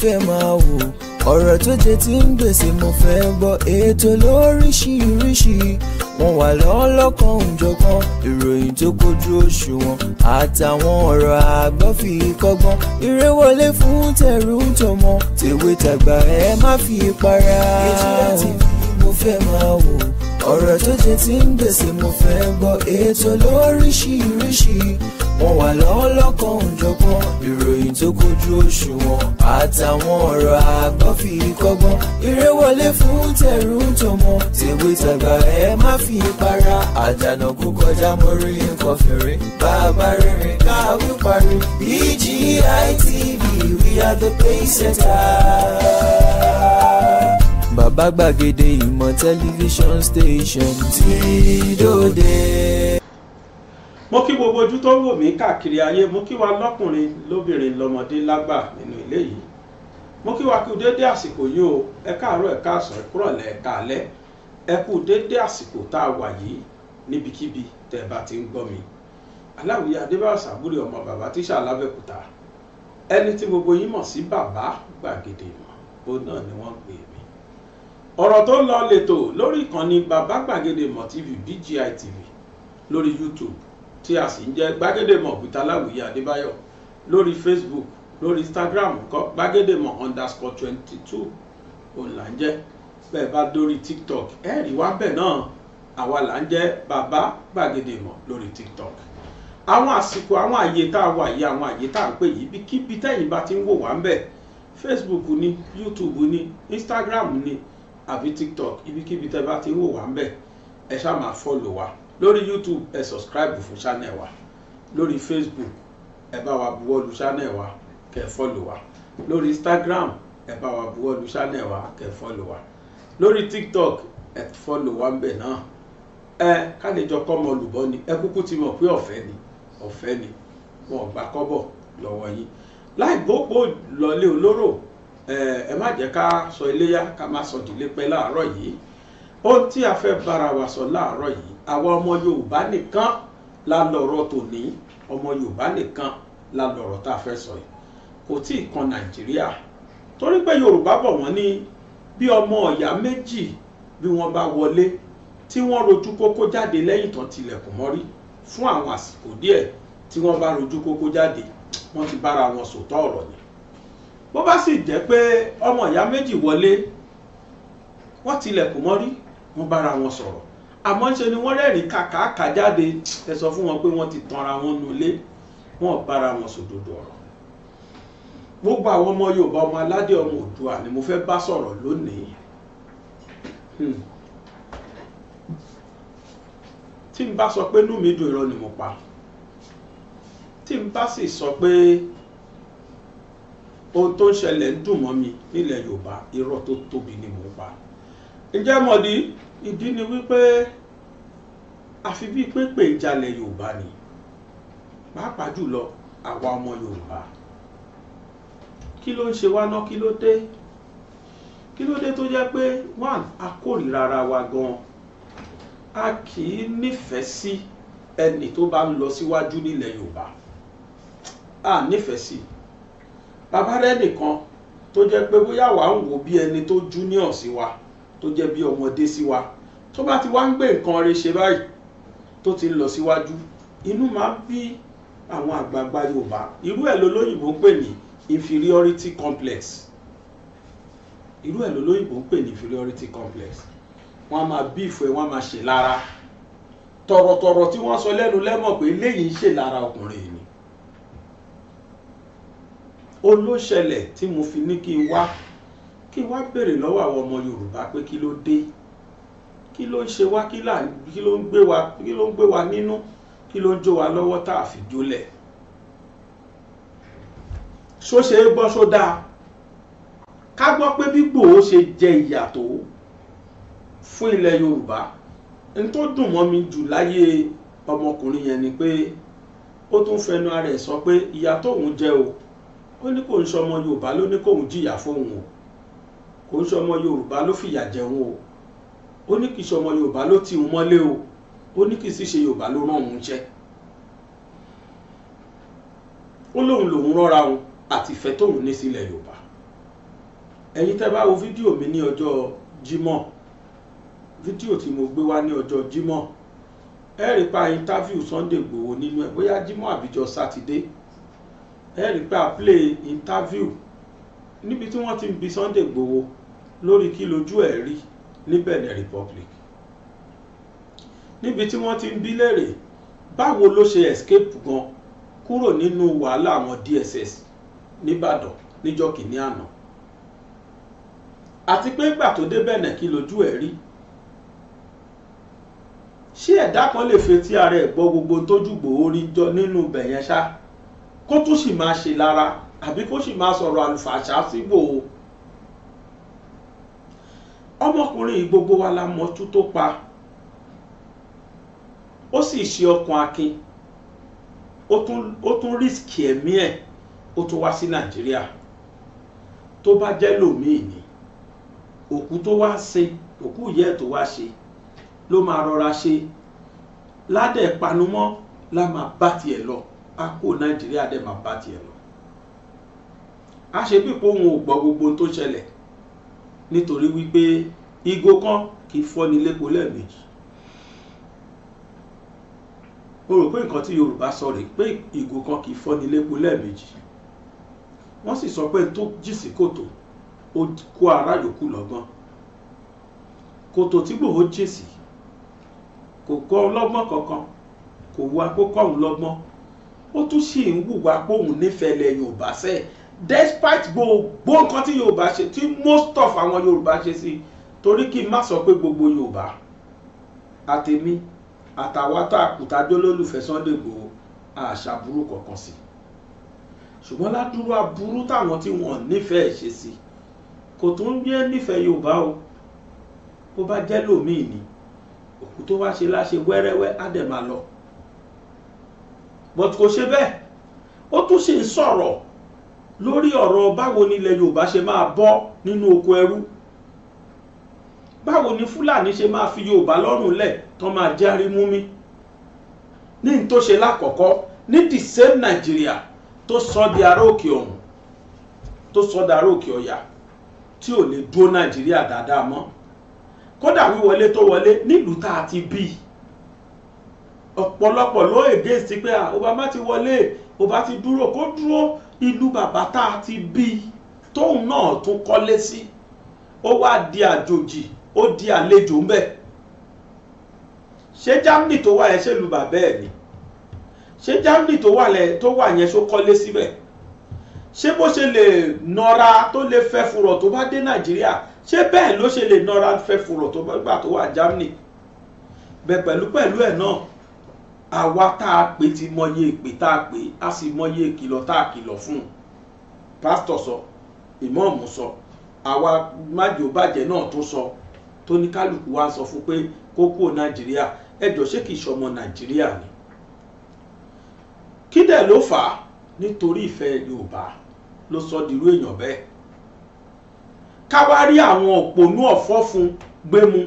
fẹ́ máa wò ọ̀rọ̀ tó jẹ ti ń gbèsè mo fẹ́ gbọ́ ètò lóríṣiríṣi wọn wà lọ́lọ́kan òjọ̀kan ìròyìn tó kojú òṣùwọ̀n àtàwọn ọ̀rọ̀ àgbọ́ fi kọ́gbọ́n eré wọlé fún tẹ̀rù tọmọ tèwe tàgbà ẹ má fi para ètò láti fi mo fẹ́ máa wò ọ̀rọ̀ tó jẹ ti ń gbèsè mo fẹ́ gbọ́ ètò lóríṣiríṣi wọ́n wà lọ́wọ́ lọ́kàn òjọ̀gbọ́n ìròyìn tó kojú òṣùwọ̀n àtàwọn ọ̀rọ̀ àgbọ́fi kọ́gbọ́n eré wọlé fún tẹ̀rù tọmọ tèwe tàgbà ẹ má fi para àdànà kó kọjá mọ́rí nǹkan fèrè bàbá rere káwí parí BGI e we are the pace setters bàbá gbàgede ìmọ̀ tẹlifíṣọ̀n station ti dòde. mo kí gbogbo ojú tó ń wò mí káàkiri ayé mo kí wa lọ́kùnrin lóbìnrin lọ́mọdé lágbà nínú ilé yìí mo kí wa kí dédé àsìkò yìí o ẹ káàárọ̀ ẹ káàsán ẹ kúrọ̀lẹ́ ẹ káalẹ́ ẹ kú dédé àsìkò tá a wà yìí níbikíbi tẹ́ ẹ bá ti ń gbọ́ mi aláwìyé adébáyọ̀sá búrì ọmọ bàbá tíṣà lábẹ́kúta ẹni tí gbogbo yín mọ̀ sí bàbá gbàgede ìmọ̀ òun náà ni wọ́n pè é ọ̀rọ̀ tó ń lọ lẹ́tọ̀ lórí ìkànnì bàbá gbàgede mọ̀ tv BGI TV lórí youtube tí a sì ń jẹ́ gbàgede mọ̀ pìtàláwìyí adébáyọ̀ lórí facebook lórí instagram kọ́ gbàgede mọ̀ underscore twenty two òun là ń jẹ́ bẹ́ẹ̀ bá dórí tiktok ẹ rí wá bẹ́ẹ̀ náà àwa là ń jẹ́ bàbá gbàgede mọ̀ lórí tiktok àwọn àsìkò àwọn àyè tá a wà yìí àwọn àyè tá a ń pè yìí bí kíbi tẹ́yìn bá ti ń wò wá ń bẹ̀ facebook ni youtube ni instagram ni àbí tiktok ibikíbi tẹ́ bá ti wò wá ń bẹ̀ ẹ ṣáà máa fọ́lò wa lórí youtube ẹ subscribe fún channel wa lórí facebook ẹ bá wa buwọ́lu channel wa kẹ́ fọ́lò wa lórí instagram ẹ bá wa buwọ́lu channel wa kẹ́ fọ́lò wa lórí tiktok ẹ fọ́lò wa ń bẹ̀ náà ẹ ká lè jọ kọ́ ọmọ olùbọ́ ni ẹ kúkú ti mọ̀ pé ọ̀fẹ́ ni ọ̀fẹ́ ni wọn ò gbà kọ́bọ̀ lọ́wọ́ yín láì gbópò lọlé olóró ẹ má jẹ́ ká sọ iléyá ká má sọ ìdílé pẹ́ láàárọ̀ yìí ohun tí a fẹ́ bára wa sọ láàárọ̀ yìí àwa ọmọ yorùbá nìkan la lọ̀rọ̀ tòní ọmọ yorùbá nìkan la lọ̀rọ̀ tá a fẹ́ sọ yìí kò tí ì kan nàìjíríà torí pé yorùbá bọ̀ wọ́n ní bí ọmọ ọ̀yá méjì bí wọ́n bá wọlé tí wọ́n rojú kókó jáde lẹ́yìn tán tilẹ̀kùn mọ́rí fún àwọn àsìkò díẹ̀ tí wọ́n bá rojú kókó jáde wọ́n ti bára wọn sòótọ́ ọ̀rọ̀ ni bó bá sì jẹ́ pé ọmọ ìyá méjì wọlé wọ́n tilẹ̀kùn mọ́rí wọ́n bára wọn sọ̀rọ̀ àmọ́ ṣe ni wọ́n rẹ́rìn kàkàkà jáde ẹ sọ fún wọn pé wọ́n ti tanra wọn nulẹ̀ wọ́n bára wọn sòdodo ọ̀rọ̀ gbogbo àwọn ọmọ Yorùbá ọmọ aládé ọmọ Oòduà ni mo fẹ́ bá sọ̀rọ̀ lónìí hmm. tí n bá sọ pé inú mi dùn irọ́ ni mo pa tí n bá sì sọ pé ohun tó ń ṣẹlẹ̀ ń dùn mọ́ mi nílẹ̀ yorùbá irọ́ tó tóbi ni mò ń pa ǹjẹ́ mọ̀dí ìdí ni wípé àfi bíi pépè ìjàlẹ̀ yorùbá ni pàápàá jùlọ àwa ọmọ yorùbá kí ló ń ṣe wá ná kí ló dé kí ló dé tó jẹ́ pé one a kórìíra ara wa gan a kì í nífẹ̀ẹ́ sí ẹni tó bá ń lọ síwájú nílẹ̀ yorùbá a nífẹ̀ẹ́ sí i bàbá rẹ nìkan tó jẹ́ pé bóyá wà ń wò bí ẹni tó junior sí wa tó jẹ́ bí ọmọdé sí wa tó bá ti wá ń gbé nǹkan rẹ ṣe báyìí tó ti ń lọ síwájú inú máa ń bí àwọn àgbààgbà Yorùbá irú ẹ̀ lolóyìnbó ń pè ní inferiority complex irú ẹ̀ lolóyìnbó ń pè ní inferiority complex wọ́n á máa bí ìfọ̀ ẹ̀ wọ́n á máa ṣe lára tọ̀rọ̀tọ̀rọ̀ tí wọ́n sọ lẹ́nu lẹ́mọ̀ pé eléyìí ń ṣe lára ọkùnrin ni olóṣẹlẹ̀ tí mo fi ní kí n wá kí n wá béèrè lọ́wọ́ àwọn ọmọ Yorùbá pé kí ló dé kí ló ń ṣe wá kí ló ń gbé wa kí ló ń gbé wa nínú kí ló ń jó wa lọ́wọ́ tá a fi jólẹ̀ ṣó ṣe é gbọ́ ṣó dáa ká gbọ́ pé bí Ìgbòho ṣe jẹ ìyà fún ilẹ̀ Yorùbá n tó dùn mọ́ mi jù láyé ọmọkùnrin yẹn ni pé ó tún fẹnu ara ẹ̀ sọ pé ìyà tóun jẹ o ó ní kò ń sọmọ yorùbá ló ní kóun jìyà fóun o kò ń sọmọ yorùbá ló fìyà jẹun o ó ní kì í sọmọ yorùbá ló ti òun mọ́lé o ó ní kì í sì ṣe yorùbá ló rán òun jẹ ó lóun lòun rọra òun àti ìfẹ́ tóun ní sílẹ̀ yorùbá ẹ̀yin tẹ́ bá wo fídíò mi ní ọjọ́ jímọ̀ fídíò tí mo gbé wá ní ọjọ́ jímọ̀ ẹ pa interview Sunday Igboho nínú ẹ̀ bóyá jímọ̀ àbíjọ sátidé ẹ pé a play interview níbi tí wọ́n ti ń bi Sunday Igboho lórí kí lójú ẹ̀ rí ní Benin Republic níbi tí wọ́n ti ń bi léèrè báwo ló ṣe escape gan kúrò nínú wàhálà àwọn DSS nìbàdàn níjọ́ kìíní àná àti pé ìgbà tó dé Benin kí lójú ẹ̀ rí ṣé ẹ̀dá kan lè fetí ara ẹ̀ gbọ́ gbogbo tójú gbòó rí jọ nínú bẹ̀yẹn ṣáá kó tún sì máa ṣe lára àbí kó sì máa sọ̀rọ̀ àlùfàṣà sígbò o ọmọkùnrin gbogbo wa la mọ̀tú tó pa ó sì ṣe ọkàn akin ó tún rísìkì ẹ̀mí ẹ̀ ó tún wá sí nàìjíríà tó bá jẹ́ lòmíì ni òkú tó wá ṣe òkú ìyá ẹ̀ tó wá ṣe ló máa rọra ṣe ládẹ̀ panumọ́ la máa bá tiẹ̀ lọ á kó nàìjíríà dẹ̀ máa bá tiẹ̀ lọ a ṣe bí ipò òun ò gbọ́ gbogbo ohun tó ṣẹlẹ̀ nítorí wípé igo kan kì í fọ́ni lépo lẹ́ẹ̀mejì o rò pé nǹkan tí yorùbá sọ rèé pé ìgò kan kì í fọ́ni lépo lẹ́ẹ̀mejì wọ́n sì sọ pé tó jì sí kòtò ó kó ara yòókù lọ́gbọ́n kòtò tí Ìgbòho jì kò kọ́ ọlọ́gbọ́n kankan kò wá kó kọ́ lọ́gbọ́n ó tún ṣì ń wùwà bóun nífẹ̀ẹ́ lẹ yorùbá sẹ́ despite gbogbo nǹkan tí yorùbá ṣe tí most of àwọn yorùbá ṣe sí torí kí n má sọ pé gbogbo yorùbá àtèmi àtàwọn tó àkùtàjọ lólùfẹ́ Sunday Igboho àṣàbúrú kọ̀ọ̀kan sí ṣùgbọ́n ládùúrú aburú táwọn tí wọ́n nífẹ̀ẹ́ ṣe sí kò tún ń gbé nífẹ̀ẹ́ yorùbá o bó bá jẹ́ lòmíì ni òkú tó wá ṣe láṣe wẹ́rẹ́wẹ́ á dẹ̀ máa lọ but kò ṣe bẹ́ẹ̀ ó tún ṣe ń sọ̀rọ̀ lórí ọ̀rọ̀ báwo ni ilẹ̀ Yorùbá ṣe máa bọ́ nínú oko ẹrú báwo ni Fúlàní ṣe máa fi Yorùbá lọ́rùn lẹ̀ tán máa járí mú mi ní n tó ṣe lákọ̀ọ́kọ́ ní the same Nàìjíríà tó sọ di ará òkè ọ̀hún tó sọ di ará òkè ọ̀yà tí ò lè dúró Nàìjíríà dáadáa mọ́ kódà wíwọlé tó wọlé nílùú tá a ti bí ọ̀pọ̀lọpọ̀ ló èdè sí pé ah, Obama ti wọlé Obama ti dúró kó dúró ìlú bàbá tá a ti bí tóun náà tún kọ́lé sí ó wá di àjòjì ó di àlejò ńbẹ̀ ṣé Germany tó wà yẹn ṣe lu bàbá ẹ̀ ni ṣé Germany tó wà lẹ̀ tó wà yẹn ṣó kọ́lé síbẹ̀ ṣé bó ṣe lè nọra tó lè fẹ́ furọ̀ tó bá dé Nàìjíríà ṣé bẹ́ẹ̀ ló ṣe lè nọra fẹ́ furọ̀ tó bá gbà tó wà Germany bẹ̀ pẹ̀lú pẹ̀lú ẹ̀ náà àwa tá a pè ti mọye èpè tá a pè a sì mọye ìkìlọ̀ tá a kìlọ̀ fún un pásítọ̀ sọ ìmọ̀ọ̀mù sọ àwa májò bàjẹ́ náà tó sọ tó ní kálukú wa sọ fún pé kó kúrò nàìjíríà ẹjọ́ ṣé kìí ṣọmọ nàìjíríà ni kí dẹ̀ ló fà á nítorí ìfẹ́ yorùbá ló sọ dirú èèyàn bẹ́ẹ̀ ká wá rí àwọn òpònú ọ̀fọ́ fún gbé mu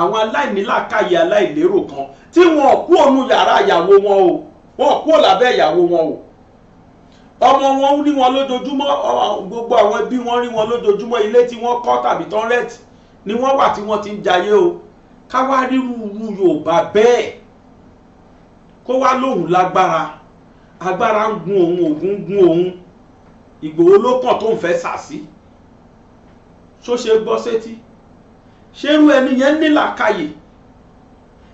àwọn aláìnílàkàyè aláìlérò kan tí wọn kú ònú yàrá ìyàwó wọn o wọn kú òlàbẹ́ ìyàwó wọn o ọmọ wọn rí wọn lójoojúmọ́ gbogbo àwọn ẹbí wọn rí wọn lójoojúmọ́ ilé tí wọ́n kọ́ tàbí tán rẹ́ẹ̀tì ni wọ́n wà tí wọ́n ti ń jayé o ká wá ríru Yorùbá bẹ́ẹ̀ kó wá lóhùn lágbára agbára ń gun òun ògùn ń gun òun Ìgbòho ló kàn tó ń fẹ́ sà sí ṣó ṣe gbọ́ sétí ṣerú ẹni yẹn ní làákàyè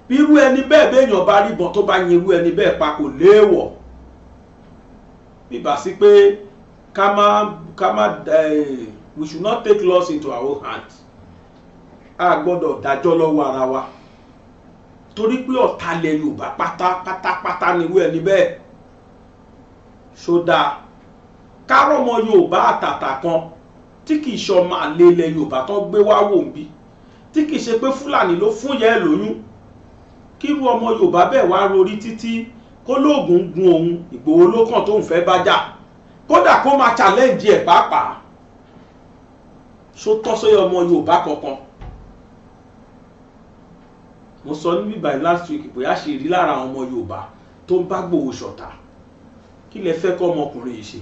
bí irú ẹni bẹ́ẹ̀ béèyàn bá ríbọn tó bá yin irú ẹni bẹ́ẹ̀ pa kò léèwọ̀ bíbà sí pé ká má ká má eh, we should not take laws into our own hands a gbọ́dọ̀ dájọ́ lọ́wọ́ ara wa torí pé ọ̀talẹ̀ Yorùbá pátápátápátá nírú ẹni bẹ́ẹ̀ ṣódà kárọ̀mọ Yorùbá àtàtà kan tí kì í ṣọmọ àlè ilẹ̀ Yorùbá tó gbé wá wò ń bí tí kìí ṣe pé fúlàní ló fún yẹ ẹ̀ lóyún kírú ọmọ yorùbá bẹ́ẹ̀ wá rorí títí kó lóògùn gun òun ìgbòho lókàn tóun fẹ́ bá jà kódà kó máa challenge ẹ̀ pàápàá ṣó tọ́ sóyè ọmọ yorùbá kankan mo sọ níbí báyìí last week bóyá ṣe rí lára àwọn ọmọ yorùbá tó ń bá gbòho ṣọ̀tá kí lẹ fẹ́ kọ́ ọmọkùnrin yìí ṣe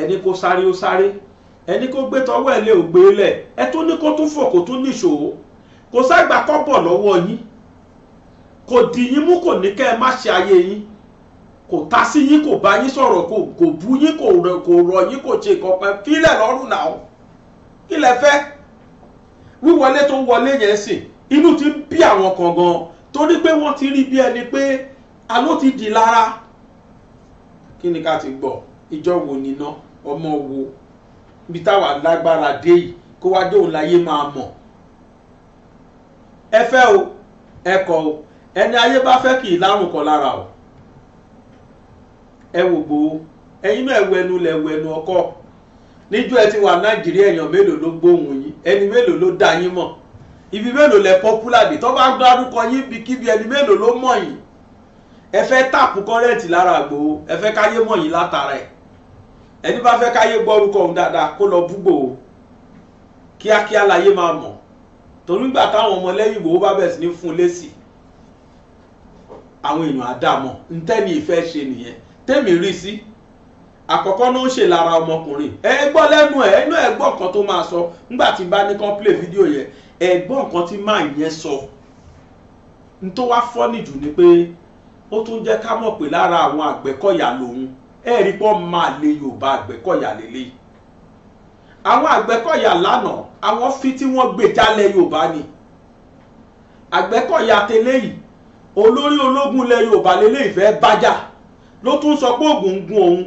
ẹni kó sáré ó sáré ẹni kó gbé tọwọ́ ẹ̀ lé ògbé lẹ̀ ẹ tún ní kó tún fò kó tún níṣòwò kò ságbà kọ́bọ̀ lọ́wọ́ yín kò dì yín mú kò ní kẹ́ ẹ má ṣe ayé yín kò ta sí yín kò bá yín sọ̀rọ̀ kò kò bú yín kò rọ̀ yín kò ṣe kankan fílẹ̀ lọ́rùn náà kí lẹ fẹ́ wíwọlé tó wọlé yẹn sìn inú ti ń bí àwọn kan gan torí pé wọ́n ti rí bí ẹni pé aló ti dì lára kí ni ká ti gbọ́ ìjọ wo níná ọmọ wo ibi táwa lágbára dé yìí kó wá dé òun láyé máa mọ̀ ẹ fẹ́ o ẹ kọ̀ o ẹni ayé bá fẹ́ kì í lárùn kọ lára o ẹ wò gbòó ẹ̀yin náà ẹwù ẹnu lẹwù ẹnu ọkọ níjọ́ ẹ ti wà nàìjíríà èèyàn mélòó ló gbóhùn yín ẹni mélòó ló dá yín mọ̀ ibi mélòó lẹ pọpúlàdì tó bá dárúkọ yín bí kíbi ẹni mélòó ló mọ̀ yín ẹ fẹ́ tàpù kọrẹǹtì lára Ìgbòho ẹ fẹ́ káyé mọ̀ yín látara ẹ ẹni bá fẹ́ káyé gbọ́ orúkọ òun dáadáa kó lọ búgbò o kíákíá láyé máa mọ̀ torí gbà táwọn ọmọ lẹ́yìn ìgbòho bá bẹ̀rẹ̀ sí ní fún un lésì àwọn èèyàn àdàmọ̀ ntẹ́ni ìfẹ́ ṣe nìyẹn tẹ́mi rí sí àkọ́kọ́ náà ń ṣe lára ọmọkùnrin ẹ gbọ́ lẹ́nu ẹ inú ẹ gbọ́ kan tó máa sọ nígbà tí bá ní kán play fídíò yẹn ẹ gbọ́ nǹkan tí máa yẹn sọ n tó wá fọ́ nìjú ni pé ó tún jẹ́ ká mọ̀ pé lára àwọn àgbẹ̀kọ̀yà lòun ẹ rí pọ́ máa lè Yorùbá Àgbẹ̀kọ̀yà lélẹ̀ àwọn Àgbẹ̀kọ̀yà lánàá àwọn fi tí wọ́n gbé jálẹ̀ Yorùbá ni Àgbẹ̀kọ̀yà tẹ́lẹ̀ yìí olórí ológun lẹ Yorùbá lélẹ̀ ìfẹ́ bájà ló tún sọ pé ògùn ń gun òun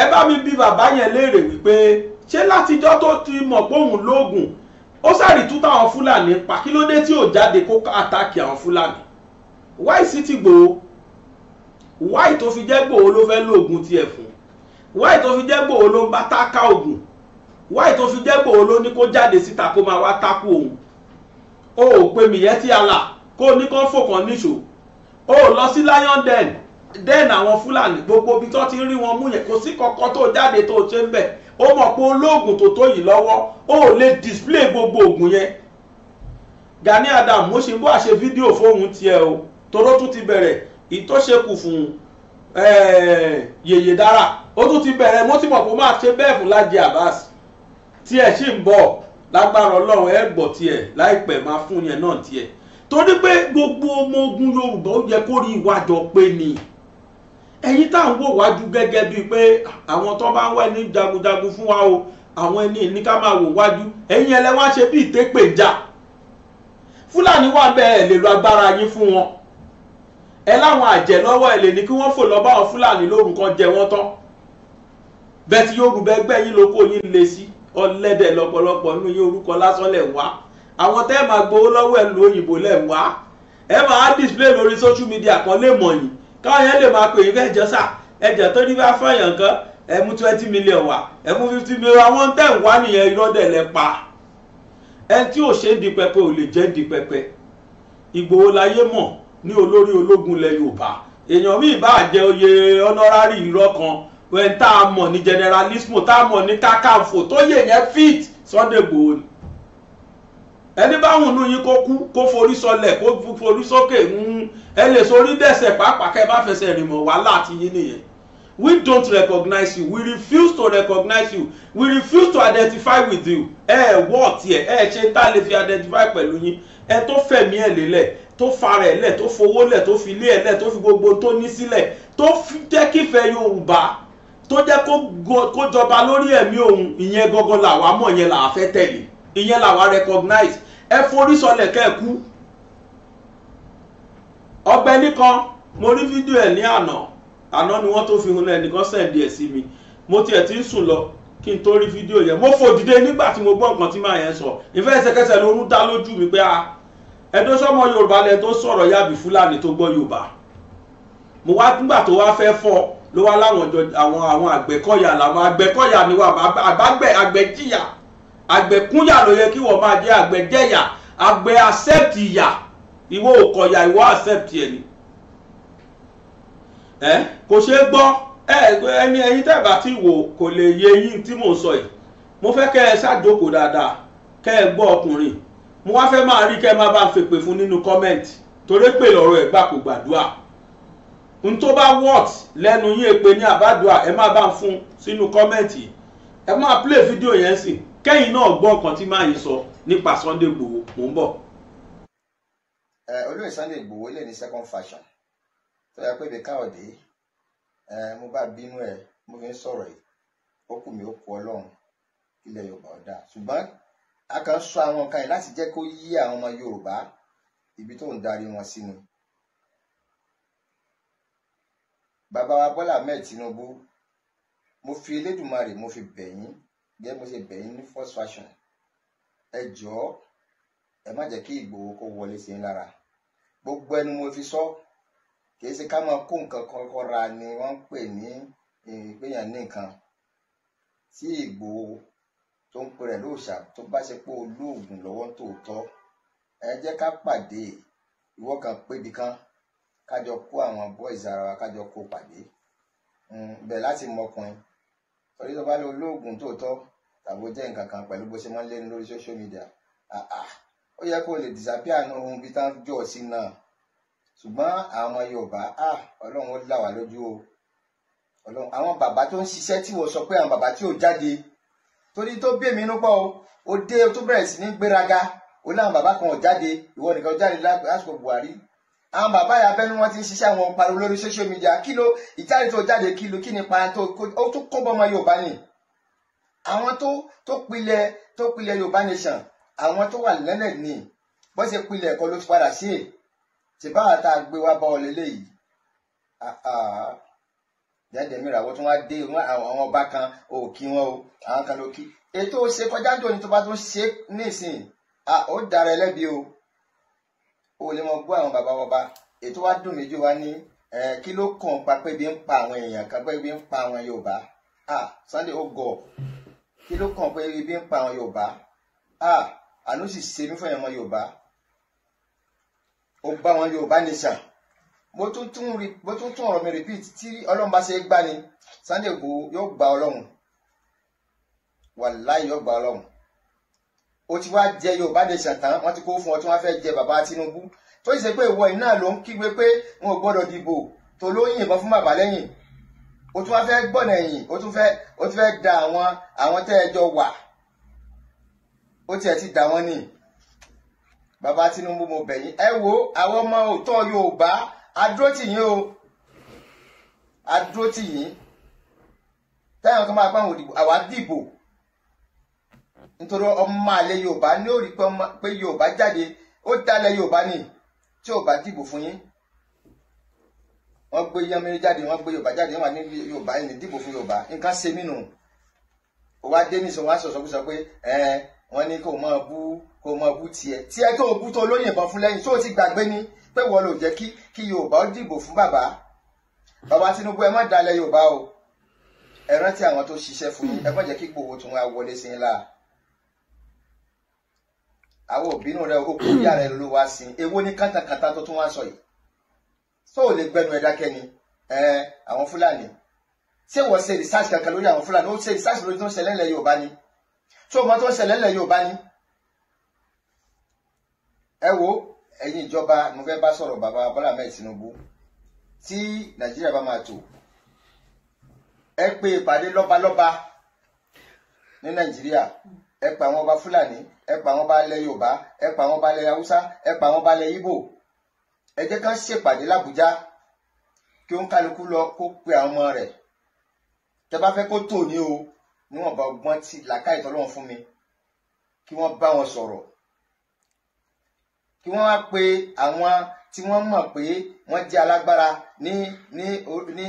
ẹ bá mi bí bàbá yẹn léèrè wípé ṣé látijọ́ tó ti mọ̀ pé òun lóògùn ó sáré tú táwọn Fúlàní pa kí ló dé tí ò jáde kó àtàkì àwọn Fúlàní wáìsì ti gbòó wáì tó fi jẹ́ gbòó ló fẹ́ lóògùn tiẹ̀ fún wáì tó fi jẹ́ gbòó ló ń bá táká ògùn wáì tó fi jẹ́ gbòó ló ní kó jáde síta kó máa wá tákù òun o ò pe mìyẹn tí a là kó ní kó fòkàn níṣó o ò lọ sí lion den den àwọn fúlàní gbogbo ibi tó ti rí wọn mú yẹn kò sí kankan tó jáde tó ṣe ń bẹ̀ ó mọ̀ pé olóògùn tó tó yìí lọ́wọ́ o ò lè display gbogbo ògùn yẹn Gani Adam mo ṣe bó àṣe fídíò fóun tiẹ̀ o toró ti bẹ̀rẹ̀ ìtọ́ṣekù fún eh, yèyè dára ó tún ti bẹ̀rẹ̀ mo ti mọ̀ pé máa ṣe bẹ́ẹ̀ fún Lájí Abbas tí ẹ̀ sì ń bọ̀ lágbára ọlọ́run ẹ̀ gbọ́ tiẹ̀ láìpẹ́ máa fún yẹn náà tiẹ̀ torí pé gbogbo ọmọ ogun Yorùbá ó yẹ kó rí ìwájọ pé ni ẹ̀yin tá à ń wò wájú gẹ́gẹ́ bíi pé àwọn tó bá ń wá ẹni jagunjagun fún wa o àwọn ẹni ní ká máa wò wájú ẹ̀yin ẹlẹ́wọ̀n ṣe bíi ìtẹ́pẹ̀ jà Fúlàní wà bẹ́ẹ̀ lè lo agbára yín fún wọn ẹ láwọn àjẹ́ lọ́wọ́ ẹ lè ní kí wọ́n fò lọ báwọn fúlàní lórúkọ jẹ wọ́n tán bẹ́ẹ̀ tí yorùbá ẹgbẹ́ yín lóko yín lè sí ọlẹ́dẹ̀ lọ́pọ̀lọpọ̀ nínú yín orúkọ lásán lẹ̀ wá àwọn tẹ́ ẹ máa gbowó lọ́wọ́ ẹ̀ lu òyìnbó lẹ̀ wá ẹ máa display lórí social media kan lè mọ̀ yìí káwọn yẹn lè máa pè yín kẹjọ sà ẹjẹ tó ní bá fọyàn kan ẹ mú twenty million wá ẹ mú fifty million àwọn tẹ́ ń wá nìyẹn irọ́ dẹ̀ lẹ pa ẹ tí ò ṣe ń di pẹpẹ ò lè jẹ́ ń di pẹpẹ Ìgbòho láyé mọ̀ ní olórí ológun ilẹ̀ yorùbá èèyàn míì bá jẹ oyè ọ̀nọ́rárì irọ́ kan wẹ́n tá a mọ̀ ní generalismo tá a mọ̀ ní kákàǹfò tó yè yẹn fit Sunday Igboho ni ẹni bá wùn nú yín kó kú kó forí sọlẹ̀ kó forí sókè hmm, ẹ lè sorí dẹ̀sẹ̀ pàápàá kẹ́ ẹ bá fẹsẹ̀ rìn mọ̀ wàhálà àti yín nìyẹn we don't recognize you we refuse to recognize you we refuse to identify with you ẹ ẹ wọ́ ọ̀tí ẹ ẹ ṣe tá lè fi identify pẹ̀lú yín ẹ tó fẹ̀mí ẹ̀ lélẹ̀ tó fara ẹ̀ lẹ̀ tó fowó lẹ̀ tó fi ilé ẹ̀ lẹ̀ tó fi gbogbo tó ní sílẹ̀ tó jẹ́ kífẹ́ Yorùbá tó jẹ́ kó jọba lórí ẹ̀mí òun ìyẹn gangan làwa mọ̀ ìyẹn làwa fẹ́ tẹ̀lé ìyẹn làwa recognize ẹ forí sọlẹ̀ kẹ́ ẹ kú mo rí fídíò ẹ̀ ní àná àná ni wọ́n tó fi hun ẹnìkan sẹ̀ǹdì ẹ̀ sí mi mo tiẹ̀ ti ń sùn lọ kí n tó rí fídíò yẹn mo fò dìde nígbà tí mo gbọ́ nǹkan tí màá yẹn sọ ìfẹ́ ẹsẹ̀kẹsẹ̀ lóorun dá lójú mi pé a ah, ẹdún sọmọ yorùbá lẹ tó sọ̀rọ̀ yàbí fúlàní tó gbọ́ yorùbá mo wá nígbà tó wá fẹ́ fọ́ ló wá láwọn àwọn àwọn àgbẹ̀kọ̀yà làwọn àgbẹ̀kọ̀yà ni wà àbágbẹ̀ àgbẹ̀jìyà àgbẹ̀kúnyà ló yẹ kí wọ́n máa jẹ́ àgbẹ̀jẹ̀yà àgbẹ̀ accept ìyà ìwọ òkọ̀yà ìwọ accept ẹni ẹ kò ṣeé gbọ́ ẹ ẹni ẹyin tẹ́ bá ti wò kò lè yé yín tí mò ń sọ yìí mo fẹ́ kẹ́ ẹ ṣàjókòó dáadáa kẹ́ ẹ gbọ́ ọkùnrin mo wá fẹ́ máa rí kẹ́ ẹ má bá ń fèpè fún nínú kọ́mẹ́ǹtì torí pé lọ́rọ̀ ẹ̀ gbà kò gbàdúrà n tó bá wọ́t lẹ́nu yín èpè ní àbádùá ẹ má bá ń fún sínú kọ́mẹ́ǹtì ẹ máa play fídíò yẹn sìn kẹ́yìn náà gbọ́ nǹkan tí máa yìí sọ nípa Sunday Igboho mò ń bọ̀. olóyè Sunday Igboho lè ní second fashion tó yẹ pé Ìbíkà Òdé ẹ mo bá bínú ẹ mo fi ń sọ̀rọ̀ yìí ó kù mí ó kù ọlọ́run ilẹ̀ Yorùbá ọ̀dà ṣùgbọ́n a kàn sọ àwọn nǹkan yìí láti jẹ́ kó yí àwọn ọmọ Yorùbá ibi tó ń darí wọn sínú. bàbá wa Bọ́lá Ahmed Tinubu mo fi Elédùmarè mo fi bẹ̀yín gẹ́gẹ́ bó ṣe bẹ̀yín ní first fashion ẹ jọ̀ọ́ ẹ má jẹ́ kí Ìgbòho kó wọlé sí i lára gbogbo ẹnu mo fi sọ. So, kìí ṣe ká máa kó nǹkan kan kọ́ra ni wọ́n pè ní ìpéyàn nìkan tí Ìgbòho tó ń pè rẹ̀ lóòṣà tó bá ṣe pé olóògùn lọ́wọ́ tòótọ́ ẹ jẹ́ ká pàdé ìwọ kan pébi kan kájọ kó àwọn boys ara wa kájọ kó pàdé hmm, bẹ̀ láti mọkùnrin torí tó bá lọ olóògùn tòótọ́ tàbí ó jẹ́ nǹkan kan pẹ̀lú bó ṣe máa ń lé lórí social media ó yẹ kó lè disappear ohun bí tá ń jọ sí náà ṣùgbọ́n àwọn Yorùbá Ọlọ́run ó là wá lójú o Ọlọ́run àwọn bàbá tó ń ṣiṣẹ́ tí wọ́n sọ pé àwọn bàbá tí ò jáde torí tó bí èmi inú o ó dé o tó bẹ̀rẹ̀ sí ní gbéraga ó láwọn bàbá kan ò jáde ìwọ nìkan jáde lásìkò Buhari àwọn bàbá yà bẹ́nu wọn ti ń ṣiṣẹ́ àwọn pariwo lórí social media kí ló ìjáde tó jáde kí ló kí ni pa tó ó tún kó bọ́ ọmọ Yorùbá ni àwọn tó tó pilẹ̀ tó pilẹ̀ Yorùbá nation àwọn tó wà lẹ́lẹ̀ ni bó ṣe pilẹ̀ kọ́ ló ti padà sí èyí tìbá àtà gbé wá bá ọ lélẹ́yìí jáde mìíràn àwọn tó wá dé àwọn ọba kan ò kí wọn o àwọn kan ló kí ètò ṣe kọjá jòní tó bá tó ṣe nísìn ó dára ẹlẹ́bi o ó lè mọ gbọ́ àwọn bàbá ọba ètò wa dùn méjì wa ní kí ló kàn pa pé bí ń pa àwọn èèyàn kan pé bí ń pa àwọn Yorùbá Sunday ó gọ̀ kí ló kàn pé bí ń pa àwọn Yorùbá àánú sì ṣe mí fún ẹ̀yàn ọmọ Yorùbá ó bá wọn Yorùbá nation mo tún tún ọ̀rọ̀ mi repeat tí Ọlọ́run bá ṣe gbá ni Sunday Igboho yóò gba Ọlọ́run wàláì yóò gba Ọlọ́run o ti wá jẹ Yorùbá nation tán wọ́n ti kó fún ọ tí wọ́n fẹ́ jẹ bàbá Tinubu tó ṣe pé ìwọ iná ló ń kígbe pé wọn ò gbọ́dọ̀ dìbò tó ló ń yìnbọn fún bàbá lẹ́yìn o tún wá fẹ́ gbọ̀nà ẹ̀yìn o tún fẹ́ o tún fẹ́ da àwọn àwọn tẹ́ ẹ jọ wà ó tiẹ̀ ti dà wọ́n nìyí bàbá Tinubu mo bẹ̀ yín ẹ wo àwọn ọmọ òótọ́ Yorùbá adúrótìyín o adúrótìyín táwọn kan máa bá àwọn òdìbò àwa dìbò nítorí ọmọ àlẹ Yorùbá ní ó rí pé Yorùbá jáde ó dalẹ̀ Yorùbá ni tí ò bá dìbò fún yín wọ́n gbé yẹmírí jáde wọ́n gbé Yorùbá jáde wọ́n wà ní Yorùbá ẹni dìbò fún Yorùbá nǹkan ṣe mí nù wá dé nìṣó wá sọ̀sọ́ pé sọ pé ẹ wọ́n ní kó máa bú kó máa bú tiẹ̀ tiẹ̀ tó o bú tó lóyìnbọn fún lẹ́yìn tó o ti gbàgbé ni pé wọ́n ló jẹ́ kí kí Yorùbá ó dìbò fún bàbá bàbá Tinubu ẹ má dalẹ̀ Yorùbá o ẹ rántí àwọn tó ṣiṣẹ́ fún yín ẹ má jẹ́ kí gbogbo tún wá wọlé sí ńlá àwọn òbínú rẹ o kò yá rẹ ló wá sí ewo ní kàtàkàtà tó tún wá sọ yìí tó o lè gbẹnu ẹ dákẹ́ ni ẹ àwọn Fúlàní ṣé wọ́n ṣe research kankan lórí àwọn Fúlàní ó ṣe research lórí tó ń ṣẹlẹ̀ tí ọmọ tó ń ṣẹlẹ̀ ńlẹ̀ Yorùbá ni ẹ wo ẹ̀yin ìjọba mo fẹ́ bá sọ̀rọ̀ bàbá Bọ́lá Ahmed Tinubu tí Nàìjíríà bá máa tò ẹ pé ìpàdé lọ́balọ́ba ní Nàìjíríà ẹ pa àwọn ọba Fúlàní ẹ pa àwọn ọba alẹ Yorùbá ẹ pa àwọn ọba alẹ Haúsá ẹ pa àwọn ọba alẹ Ìgbò ẹ jẹ́ ká ṣèpàdé l'Àbújá kí ó ń kálukú lọ kó pe àwọn ọmọ rẹ̀ tẹ bá fẹ́ kó tò ní o níwọ̀nba ọgbọ́n tí làákàyè tọ́lọ́run fún mi kí wọ́n bá wọn sọ̀rọ̀ kí wọ́n wá pe àwọn tí wọ́n mọ̀ pé wọ́n jẹ́ alágbára ní ní ní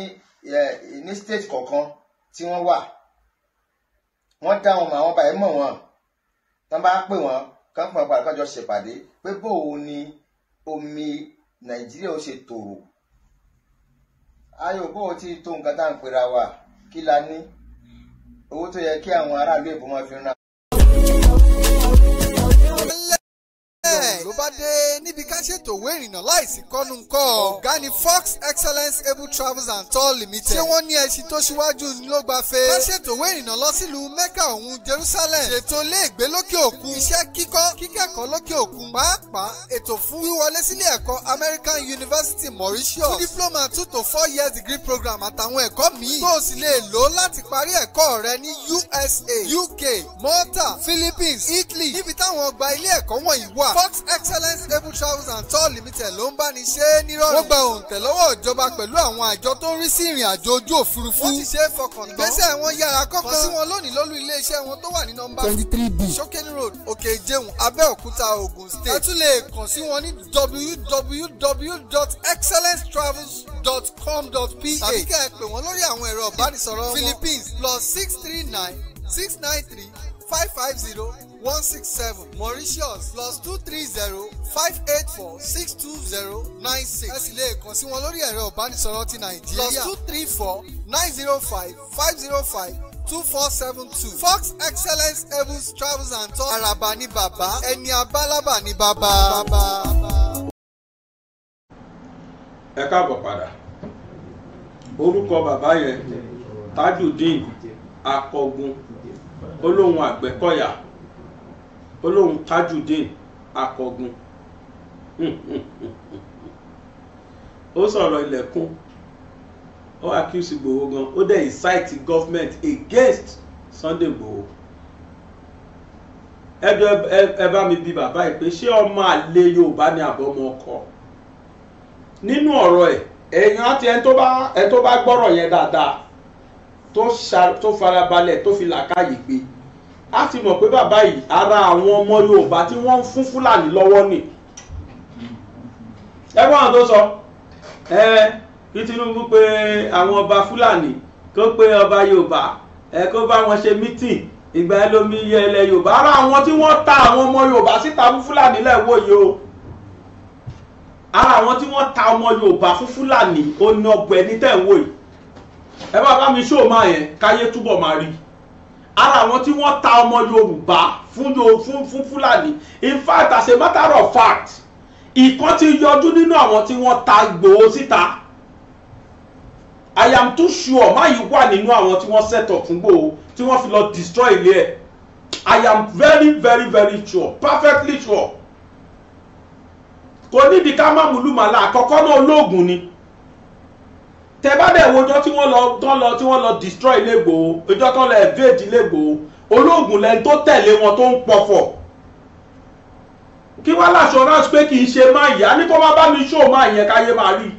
ní stage kọ̀ọ̀kan tí wọ́n wà wọ́n dá wọn mọ̀ àwọn báyìí mọ̀ wọn tán bá pè wọ́n kán pọ̀ pàdé kájọ ṣèpàdé pé bóò ni omi nàìjíríà ó ṣe tòrò ayò bóò ti tó nǹkan tá à ń pera wa kí la ní. owó tó yẹ kí àwọn aráàlú èbó máa fi ń ra. ló bá dé níbi ká ṣètò òwe ìrìnnà láìsí kọ́nu ńkọ́ ọ̀gá ni Fox Excellence Able Travels and Tour Limited ṣé wọ́n ní ẹṣin tó ṣíwájú ló gba fe ká ṣètò òwe ìrìnnà lọ sílùú Mecca òun Jerusalem ṣètò iléègbé lókè òkun iṣẹ́ kíkọ́ kíkẹ́kọ̀ọ́ lókè òkun pàápàá ètò fún wíwọlé sílé ẹ̀kọ́ American University Mauritius fún diploma two to four years degree program àtàwọn ẹ̀kọ́ míì tó o sì lè lò láti parí ẹ̀kọ́ rẹ ní USA UK Malta Philippines Italy níbi táwọn ọgbà ilé ẹ̀kọ́ wọ̀nyí wà Fox excellence able and tall limited ló ń bá ní ṣe é nírọ̀rùn. wọ́n gba òǹtẹ̀ lọ́wọ́ ìjọba pẹ̀lú àwọn àjọ tó ń rí sí ìrìn àjò ojú òfurufú. wọ́n ti ṣe é fọkàn tán. ìgbésẹ̀ wọn yára kọ́kọ́. kàn wọn lónìí lólú iléeṣẹ́ wọn tó wà ní nọ́mbà. twenty three b Shokeni road òkè ìjẹun abẹ́òkúta ogun state. ẹ tún lè kàn sí wọn ní www.excellencetravels.com.ph tàbí kẹ́ ẹ pè wọ́n lórí àwọn ẹ̀rọ ìbánisọ̀rọ̀ wọn Philippines plus six three nine six nine three five five zero one six seven Mauritius plus two three zero five eight four six two zero nine six. ẹ sì lè kàn sí wọn lórí ẹ̀rọ ìbánisọ̀rọ̀ ti Nàìjíríà plus two three four nine zero five five zero five two four seven two Fox Excellence Evans Travels and Tours àràbà ni bàbá ẹni abálábà ni bàbá. ẹ káàbọ̀ padà orúkọ bàbá yẹn Tajudeen Akọgun olóhùn àgbẹ̀kọ̀yà olóhùn tajudeen akọgun ó sọ̀rọ̀ ilẹ̀kùn ó accuse Igboho gan ó dẹ̀ incite government against Sunday Igboho ẹjọ́ ẹ bá mi bi bàbá yìí pé ṣé ọmọ àlè Yorùbá ni àbọ̀mọ ọkọ nínú ọ̀rọ̀ ẹ̀ èèyàn àti ẹni tó bá gbọ́rọ̀ yẹn dáadáa tó farabalẹ̀ tó fi làákàyè gbé a ti mọ̀ pé bàbá yìí ara àwọn ọmọ Yorùbá tí wọ́n ń fún Fúlàní lọ́wọ́ ni ẹgbọ́n àwọn tó sọ ẹ kí Tinubu pé àwọn ọba Fúlàní kó pé ọba Yorùbá ẹ kó bá wọn ṣe mítìn ìgbà ẹ lómi yẹ ilẹ̀ Yorùbá ara àwọn tí wọ́n ta àwọn ọmọ Yorùbá síta fún Fúlàní lẹ́wọ́ yìí o ara àwọn tí wọ́n ta ọmọ Yorùbá fún Fúlàní ó ní ọgbẹ́ ní tẹ̀ ń wò yìí ẹ bá bá mi ṣó máa yẹn káyé túbọ̀ máa rí i ara àwọn tí wọ́n ta ọmọ yorùbá fún fún fún fúlàní in fact as a matter of fact ìkan ti yọjú nínú àwọn tí wọ́n ta gbòó síta i am too sure máyì wà nínú àwọn tí wọ́n set up fún gbòó tí wọ́n fi lọ destroy ilé ẹ̀ i am very very very sure perfectly sure kò nídìí ká má múlùmọ́lá àkọ́kọ́ náà olóògùn ni tẹ wo dẹ̀ wojọ́ tí wọ́n lọ tán lọ tí wọ́n lọ destroy lẹ́gbòó ọjọ́ tán lọ evade lẹ́gbòó olóògùn lẹ́ni tó tẹ̀lé wọn tó ń pọ̀fọ̀ kí wá láṣọ ránṣẹ́ pé kì í ṣe máa yá ní kó má bá mi ṣó máa yẹn káyé máa rí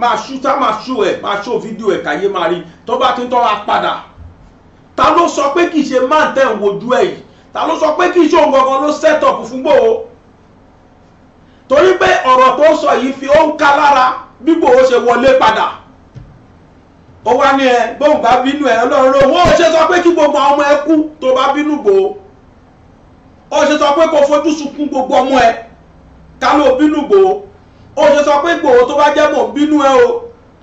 máa ṣú tá máa ṣó ẹ̀ máa ṣó fídíò ẹ̀ káyé máa rí tó bá ti ń tọ́ra padà ta ló sọ pé kì í ṣe máa tẹ̀ ń wojú ẹ̀ yìí ta ló sọ pé kì í ṣe òun gangan ló set up fún gbòó torí pé ọ̀rọ̀ tó sọ yìí fi ó ń ká lára bí Ìgbòho ṣe wọlé padà ó wá ní ẹ bóun bá bínú ẹ ọlọ́run ló wọ́n ó ṣe sọ pé kí gbogbo ọmọ ẹ kú tó bá bínú Ìgbòho ó ṣe sọ pé kó fojú sunkún gbogbo ọmọ ẹ ká ló bínú Ìgbòho ó ṣe sọ pé Ìgbòho tó bá jẹ́ mò ń bínú ẹ o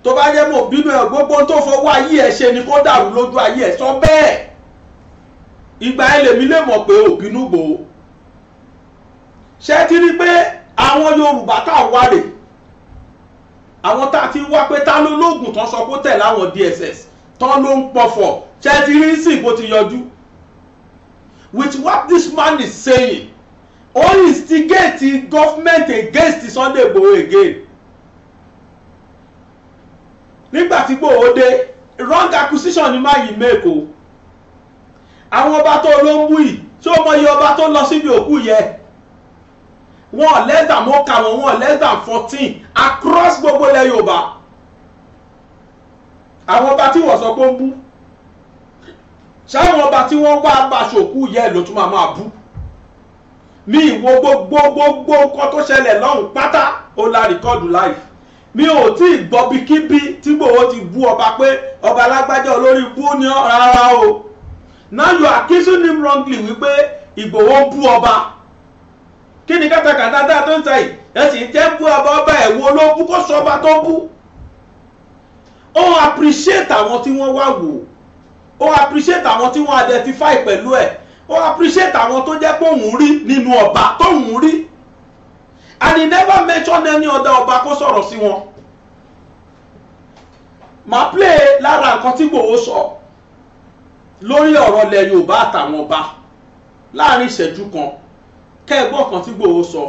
tó bá jẹ́ mò ń bínú ẹ gbogbo tó fọwọ́ ayé ẹ ṣe ni kó dàrú lójú ayé ẹ sọ bẹ́ẹ̀ ìgbà ẹ lèmi lè mọ̀ pé ò bínú Ìgbòho ti rí pé àwọn Yorùbá tá a wá rèé àwọn tá a ti wá pé ta ló lóògùn tán sọ pé tẹ̀ láwọn DSS tán ló ń pọ̀fọ̀ ṣe ti rí sí bó ti yọjú with what this man is saying ó instigate government against Sunday Igboho again nígbà tí Igboho dé wrong accusation ni máa yìí make o àwọn ọba tó ló ń bú yìí tí ó mọ iye ọba tó lọ síbi òkú yẹ wọn less than mo wọn wọn less than fourteen across gbogbo ilẹ̀ yorùbá àwọn ọba tí wọ́n sọ pé ń bú ṣáwọn ọba tí wọ́n wá bá ṣòkú yẹ ló tún máa máa bú mi ìwo gbogbo gbogbo nǹkan tó ṣẹlẹ̀ lọ́hùn pátá ó la rìkọ́dù láì mi ò tí ì gbọ́bi kíbi tí gbòho ti bú ọba pé ọba alágbájá olórí bú ní rárá o now you are accusing him wrongly wípé ìgbòho bú ọba kí ni kátàkátà tá a tó ń ta yìí ẹ sì ń tẹ́ bú ọba ọba ẹ̀ wo ló bú kó sọ ọba tó bú ó appreciate àwọn tí wọ́n wá wò ó appreciate àwọn tí wọ́n identify pẹ̀lú ẹ̀ ó appreciate àwọn tó jẹ́ pé òun rí nínú ọba tóun rí and he never mention any other ọba kó sọ̀rọ̀ sí wọn màá play lára nǹkan tí Ìgbòho sọ lórí ọ̀rọ̀ ilẹ̀ Yorùbá àtàwọn ọba láàrin ìṣẹ́jú kan kẹ́gbọ́n kan tí Ìgbòho sọ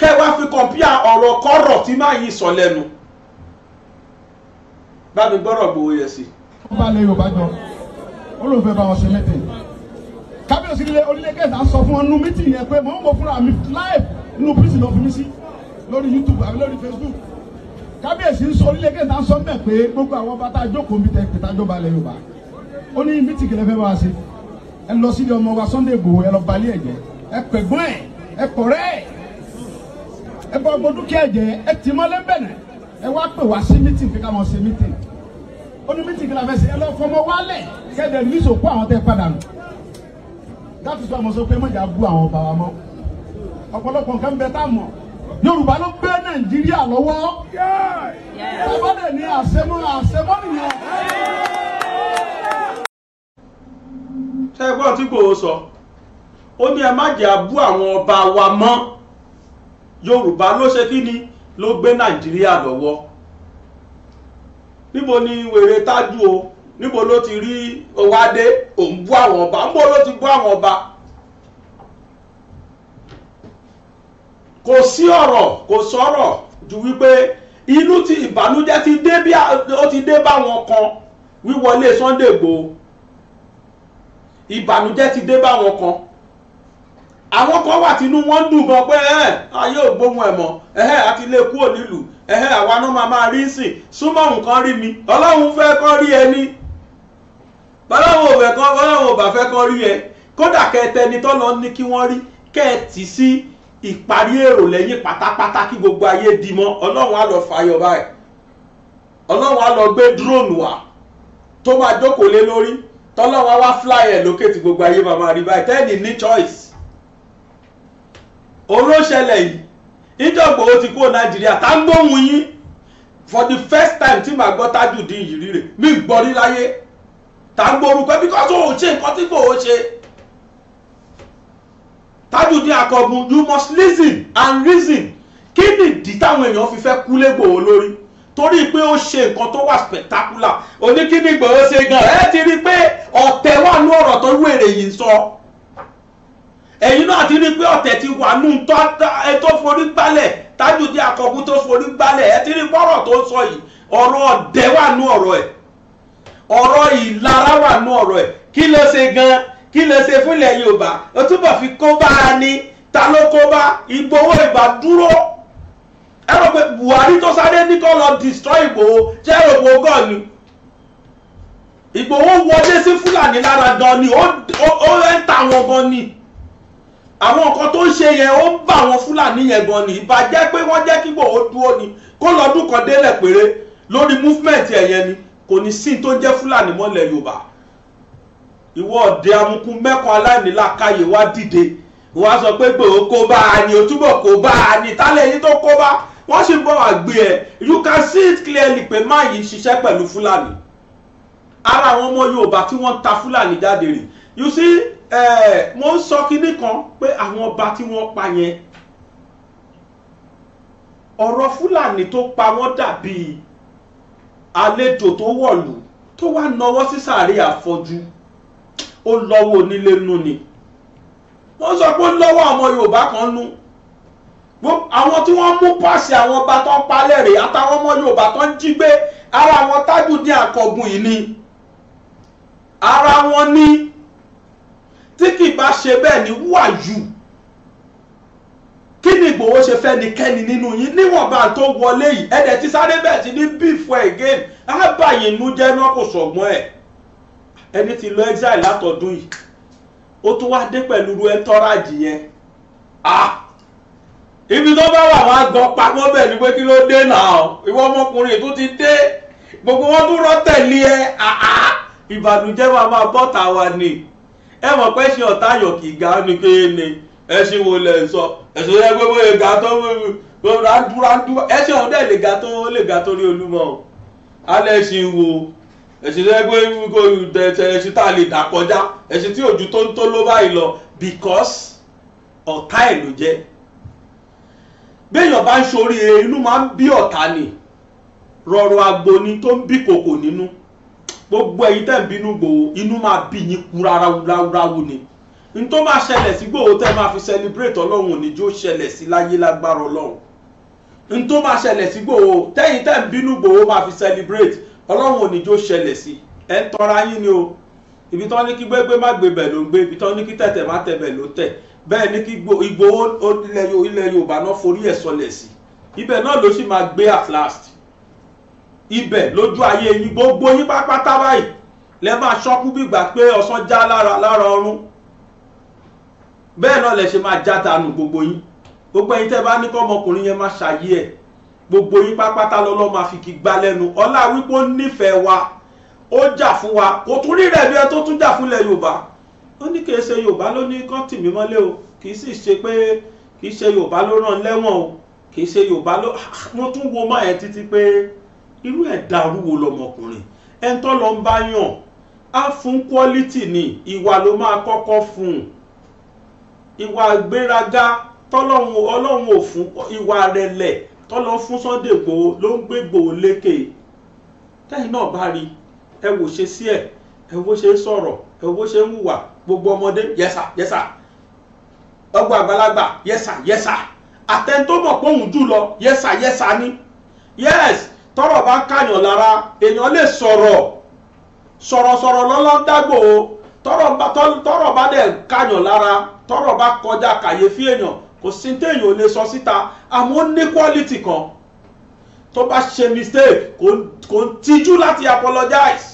kẹwàá fi kọ̀mpíà ọ̀rọ̀ kọ́rọ̀ tí máa yí sọ lẹ́nu bá mi gbọ́rọ̀ Ìgbòho yẹ sí. ó bá lè Yorùbá jọ ó lóun fẹ́ bá wọn ṣe mẹ́tẹ̀ kábíyèsí ilé onílé kẹta sọ fún ọnu mítì yẹn pé mò ń mọ fúnra mi live nínú prison lọ fi mí sí lórí YouTube àbí lórí Facebook kábíyèsí sọ onílé kẹta sọ mẹ́ pé gbogbo àwọn bàtà jókòó mi tẹ̀ pẹ̀tà jọba lẹ Yorùbá ó ní mítì kẹlẹ́ fẹ́ bá wa ṣe ẹ lọ sílé ọmọ wa Sunday Igboho ẹ lọ balẹ̀ ẹ̀jẹ̀ ẹpẹ̀gbọ́n ẹ̀ ẹkọ̀rẹ́ ẹ̀ ẹ bọ gbọ dúkìá ẹ̀jẹ̀ ẹ tì mọ́lẹ́ bẹ̀rẹ̀ ẹ wá pè wá sí mítìn fi ká wọn ṣe mítìn ó mítìn kí la fẹ́ ṣe ẹ lọ fọmọ wálẹ̀ kẹ́dẹ̀ ní ìsòkú àwọn tẹ́ padà nù láti sọ àmọ́ sọ pé mọ̀jà bú àwọn bàbá mọ́ ọ̀pọ̀lọpọ̀ nǹkan bẹ tá a Yorùbá ló gbé Nàìjíríà lọ́wọ́ bàbá dẹ̀ ní àṣemọ́ nìyẹn. ṣé ẹ gbọ́ tí Ìgbòho sọ ó ní ẹ má jẹ́ abú àwọn ọba wa mọ́ yorùbá ló ṣe kí ni ló gbé nàìjíríà lọ́wọ́ níbo ni wèrè tájú o níbo ló ti rí owó adé òun bú àwọn ọba níbo ló ti bú àwọn ọba kò sí ọ̀rọ̀ kò sọ̀rọ̀ ju wípé inú ti ìbànújẹ́ ti dé bí ó ti dé báwọn kan wíwọlé Sunday Igboho ìbànújẹ́ ti dé báwọn kan àwọn kan wà tínú wọn ń dùn gan pé ayé ò gbóhùn ẹ̀ mọ́ àti lè e kúrò nílùú àwa náà máa máa rí sìn súnmọ́ nǹkan rí mi ọlọ́run fẹ́ kọ́ rí ẹni bọ́láwọn ò fẹ́ kọ́ bọ́láwọn ò bá fẹ́ kọ́ rí ẹ kódà kẹtẹni tó lọ ní kí wọ́n rí kẹ́ẹ̀tì sí ìparí èrò lẹ́yìn pátápátá kí gbogbo ayé di mọ́ ọlọ́run á lọ fàyọ báyìí ọlọ́run á lọ gbé drone wá tó máa jókòó lé lórí tọ́lọ́run á wá fly ẹ̀ lókè tí gbogbo ayé máa máa rí báyìí tẹ́ẹ̀nì ní choice oró ṣẹlẹ̀ yìí ìjọ̀gbọ̀n ó ti kúrò nàìjíríà tá ń gbóhùn yín for the first time tí màá gbọ́ Tajudeen yìí rí rè mí gbọ́ rí láyé tá ń gbórúkọ because ó ṣe nǹkan tí kò ó ṣe Tajudeen akọgun you must listen and reason kí nìdí táwọn èèyàn fi fẹ́ kú légbòó lórí torí pé ó ṣe nǹkan tó wà spectacular oníkíní gbòó ṣe gan ẹ ti rí i pé ọ̀tẹ̀ wà ní ọ̀rọ̀ tó wèrè yìí sọ. So ẹ̀yin náà ti rí pé ọ̀tẹ̀ ti wà nù tó forí gbálẹ̀ Tajudeen Àkànkú tó forí gbálẹ̀ ẹ ti rí pọ́rọ̀ tó sọ yìí ọ̀rọ̀ ọ̀dẹ̀ wà nù ọ̀rọ̀ ẹ̀ ọ̀rọ̀ ìlara wà nù ọ̀rọ̀ ẹ̀ kí ló ṣe gan kí ló ṣe fúnlẹ̀ Yorùbá ó túbọ̀ fi kó bá a ní ta ló kó bá Ìgbòho ìgbà dúró ẹ rò pé Buhari tó sáré ní kó lọ destroy Ìgbòho jẹ́ òpó gọ́ọ̀nù Ìgbòho wọlé sí Fúlàní lára gan ni ó ń ta wọn gan ni àwọn nǹkan tó ń ṣe yẹn ó ń bà wọn fúlàní yẹn gan ni ìbàjẹ́ pé wọ́n jẹ́ kí Ìgbòho dúró ni kó lọ́dún kan délẹ̀ péré lórí movement ẹ̀yẹn ni kò ní sí tó jẹ́ fúlàní mọ́lẹ̀ yorùbá ìwọ ọ̀dẹ amukú mẹ́kọ aláìníláàkáyè wá dìde wá sọ pé Ìgbòho kó bá a ní òtúbọ̀ kó bá a ní tálẹ̀ yìí tó kó bá wọ́n sì bọ̀ wá gbé ẹ̀ you can see it clearly pé má yìí ṣiṣẹ́ pẹ̀lú fúlàní ara àwọn ọmọ yorùbá tí wọ́n ta fúlàní jáde rè you see mo ń sọ kinní kan pé àwọn ọba tí wọ́n pa yẹn ọ̀rọ̀ fúlàní tó pa wọ́n dàbí àlejò tó wọ̀lú tó wá nọwọ́ sí sàárè àfọ́jú ó lọ́wọ́ onílé nú ni wọ́n sọ pé ó lọ́wọ́ ọmọ yorùbá kan nú àwọn tí wọ́n mú pàṣẹ àwọn ọba tó ń palẹ̀ rè àtàwọn ọmọ yorùbá tó ń jí gbé ara wọn tájù ní àkọ́gùn yìí ni ara wọn ní. Ni tí kì í bá ṣe bẹ́ẹ̀ ni wàyù kí ni Ìgbòho ṣe fẹ́ ni kẹ́ni nínú yín níwọ̀nba tó wọlé yìí ẹ̀dẹ̀ ti sáré bẹ́ẹ̀ ti ní bífù ẹ̀ again ábàyìnú jẹ́ náà kò sọ̀gbọ́n ẹ̀ ẹni tí lọ exile látọdún yìí ó tún wá dé pẹ̀lú ru ẹ̀ńtọ́rájì yẹn ah ibi tó bá wà wá gan pamọ́ bẹ́ẹ̀ ni pé kí ló dé náà ìwọ ọmọkùnrin tó ti dé gbogbo wọn tún rọ tẹ̀lé ẹ àá ìbànújẹ́ máa máa bọ́ta wa ni ẹ mọ̀ pé ṣe ọ̀tá ayọ̀ kì í ga ni pé ni ẹṣin wo lẹ̀ ń sọ ẹ̀sùn yẹn gbogbo yẹn ga tó randu randu ẹṣin ọ̀hún dẹ̀ lè ga tó lè ga tó rí olúmọ o alẹ́ ẹṣin wo ẹṣin yẹn gbé kó ẹṣin tá a lè dà kọjá ẹṣin tí òjú tó ń tó ló báyìí lọ because ọ̀tá ẹ̀ ló jẹ́ béèyàn bá ń ṣoríire inú máa ń bí ọ̀tá ni rọrùn agbo ni tó ń bí kòkò nínú. No gbogbo ẹ̀yin tẹ̀ ń bínú gbòó inú máa bí yín kú ráráwúráwú ni n tó máa ṣẹlẹ̀ sí gbòó tẹ́ máa fi celebrate ọlọ́run òní jó ṣẹlẹ̀ sí láyé lágbára ọlọ́run n tó máa ṣẹlẹ̀ sí gbòó tẹ́yìn tẹ́ ń bínú gbòó máa fi celebrate ọlọ́run òní jó ṣẹlẹ̀ sí ẹ̀ ń tọ́ra yín ni o ibi tán ní kí gbégbé má gbé bẹ̀ ló ń gbé ibi tán ní kí tẹ̀tẹ̀ má tẹ̀ bẹ̀ ló tẹ̀ bẹ́ẹ̀ ní kí Ìgbòho ilẹ̀ Yorùbá náà forí ẹ̀ sọlẹ̀ sí ibẹ̀ náà ló sì máa gbé at last ibẹ̀ lójú ayé yín gbogbo yín pápátá báyìí lẹ máa ṣọ́kú bìgbà pé ọ̀sán já lára lára ọrún bẹ́ẹ̀ náà lẹ ṣe máa já dànù gbogbo yín gbogbo ẹ̀yin tẹ́ bá ní kọ́mọkùnrin yẹn máa ṣàyé ẹ̀ gbogbo yín pápátá lọ́lọ́ máa fi kí gbá lẹ́nu ọlá wípé ó nífẹ̀ẹ́ wa ó jà fún wa kò tún rí rẹ̀ bí ẹ tó tún jà fúnlẹ̀ yorùbá ó ní kìí ṣe yorùbá ló ní kán tì mí mọ́lé o kìí sì ṣe pé kìí ṣe yorùbá ló rán lẹ́wọ̀n o kìí ṣe yorùbá ló mo tún wo mọ́ ẹ̀ títí pé irú ẹ̀dá arúwo lọmọkùnrin ẹni tó lọ ń bá yàn á fún quality ni ìwà ló máa kọ́kọ́ fún un ìwà gbéraga tọ́lọ́hún ọlọ́hún ò fún ìwà rẹ̀lẹ̀ tọ́lọ́ fún Sunday Igboho ló ń gbé Igboho lékè tẹ́yìn náà bá rí ẹ wò ṣe sí ẹ̀ ẹ wò ṣe ń sọ̀rọ̀ ẹ wò ṣe ń hùwà gbogbo ọmọdé yẹsà yẹsà ọgbà àgbàlagbà yẹsà yẹsà àtẹ̀ntó mọ̀ pé jù lọ yẹsà yẹsà ni yes tọ́rọ̀ bá ń kàyàn lára èèyàn lè sọ̀rọ̀ sọ̀rọ̀sọ̀rọ̀ lọ́lọ́ ń dágbò o tọ́rọ̀ bá dẹ̀ ń kàyàn lára tọ́rọ̀ bá kọjá kàyéfì èèyàn kò sí téèyàn lè sọ síta àmọ́ ní quality kan tó bá ṣe mistake kò tijú láti apologize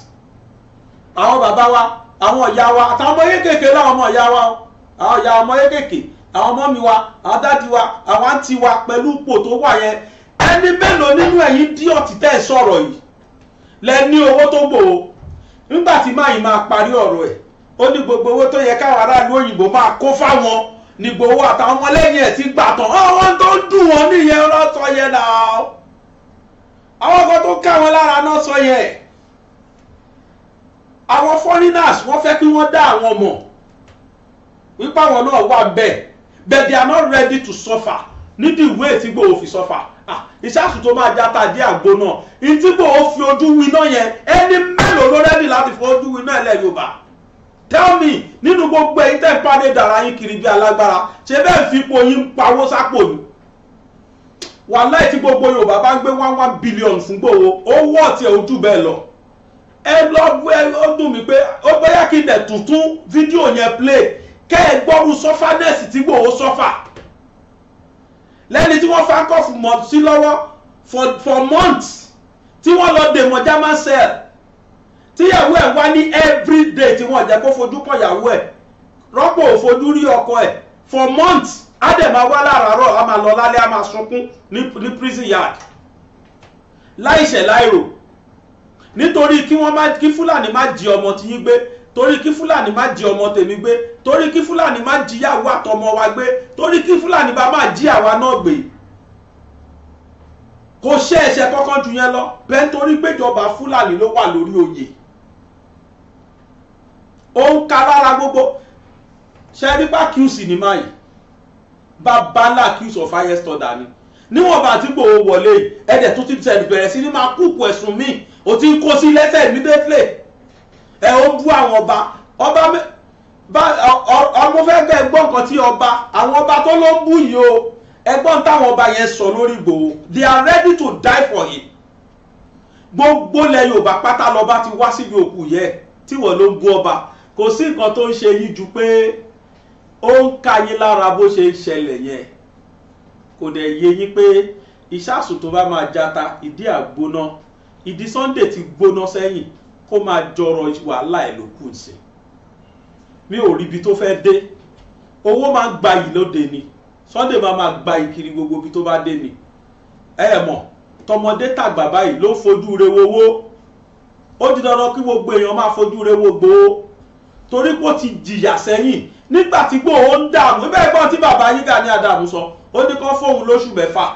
àwọn bàbá wa àwọn ìyá wa àtàwọn ọmọ yékèké láwọn ọmọ ìyá wa àwọn ìyá ọmọ yékèké àwọn ọmọ mi wa àwọn dáàdi wa àwọn àǹtí wa pẹ̀lú ipò tó wà yẹn ẹni mélòó nínú ẹ̀yin dí ọ̀tí tẹ́ ẹ sọ̀rọ̀ yìí lẹ ní owó tó gbò ó nígbà tí máa yìí máa parí ọ̀rọ̀ ẹ̀ ó ní gbogbo owó tó yẹ káwọn aráàlú òyìnbó máa kó fáwọn ní gbowó àtàwọn ọmọlẹ́yìn ẹ̀ ti gbà tán àwọn tó ń dùn wọn nìyẹn lọ́sọ yẹn náà àwọn kan tó ká wọn lára náà sọ yẹn àwọn foreigners wọ́n fẹ́ kí wọ́n dá àwọn mọ̀ wípé àwọn náà wà bẹ́ẹ̀ but they are not ready to suffer nídìí ìwé ìtìgbò òfin suffer ìṣáàsù tó máa jata dé àgbo náà ìtìbò ó fi ojú winá yẹn ẹni mélòó ló rẹ́dì láti fi ojú winá ilẹ̀ yorùbá tell me nínú gbogbo èyí tẹ́ ń pàdé dàrá yín kiri bí alágbára ṣé bẹ́ẹ̀ fi ipò yín pawó sápò ni wàláì tí gbogbo yorùbá bá ń gbé one one billion fún gbòòwò owó ọ̀tí ẹ̀ ojú bẹ́ẹ̀ lọ ẹ lọ ó dùn mí pé ó bóyá kí n dẹ̀ tuntun fídíò yẹn play kẹ́ ẹ gbọ́rú sọ́fánẹ́sì tí gbòòwò sọ́fà. So lẹ́ni tí wọ́n fákọ̀fù mọ̀ sí lọ́wọ́ for for months tí wọ́n lọ dè mọ́ german cell tíyàwó ẹ̀ wá ní everyday tí wọ́n jẹ́ kó fojú kọ ìyàwó ẹ̀ rọ́pò òfojú rí ọkọ ẹ̀ for months á dẹ̀ máa wá láràárọ̀ á máa lọ lálẹ́ á máa sunkún ní prison yard láìṣẹ̀ láìrò nítorí kí wọ́n má kí fúlàní má jí ọmọ tí yín gbé torí kí fúlàní má jí ọmọ tèmi gbé torí kí fúlàní má jíyàwó àtọmọ wa gbé torí kí fúlàní bá má jí àwa náà gbé kò ṣe ẹ̀ṣẹ̀ kankan jù yẹn lọ bẹ́ẹ̀ torí péjọba fúlàní ló wà lórí oyè ó ń ka lára gbogbo ṣẹ́rípa accuse ní máyì babalá accuse of highest order ni níwọ̀n bá ti gbòòwò wọlé ẹ̀dẹ̀ tó ti bẹ̀rẹ̀ sí ní máa kúkú ẹ̀sùn míì ó ti ń kó sí lẹ́sẹ̀ immediately ẹ ó bú àwọn ọba ọba ọmọ fẹ́ bẹ́ẹ̀ gbọ́ nǹkan tí ọba àwọn ọba tó ló ń bú yìí o ẹgbọ́n táwọn ọba yẹn sọ lórí Ìgbòho they are ready to die for him gbogbo lẹ Yorùbá pátá lọba ti wá síbi òkú yẹ tí wọ́n ló ń bú ọba kò sí nǹkan tó ń ṣe yín ju pé ó ń ka yín lára bó ṣe ń ṣẹlẹ̀ yẹn kò dẹ̀ yé yín pé ìṣàsùn tó bá máa jata ìdí àgbóná ìdí Sunday ti gbóná sẹ́yìn kó máa jọrọ wàhálà ẹ̀ ló kù sí mi ò rí ibi tó fẹ́ dé owó máa ń gbayì lóde ni Sunday máa máa gbayì kiri gbogbo ibi tó bá dé ni ẹ ẹ mọ̀ tọmọdé tàgbà báyìí ló fojú rewo owó ó di dandan kí gbogbo èèyàn máa fojú rewo gbòó torí pé ó ti jìyà sẹ́yìn nígbà tí Igboho ń dààmú ibẹ̀ ẹ̀gbọ́n tí bàbá yín Gani Adams sọ ó ní kó fóun lóṣù mẹ́fà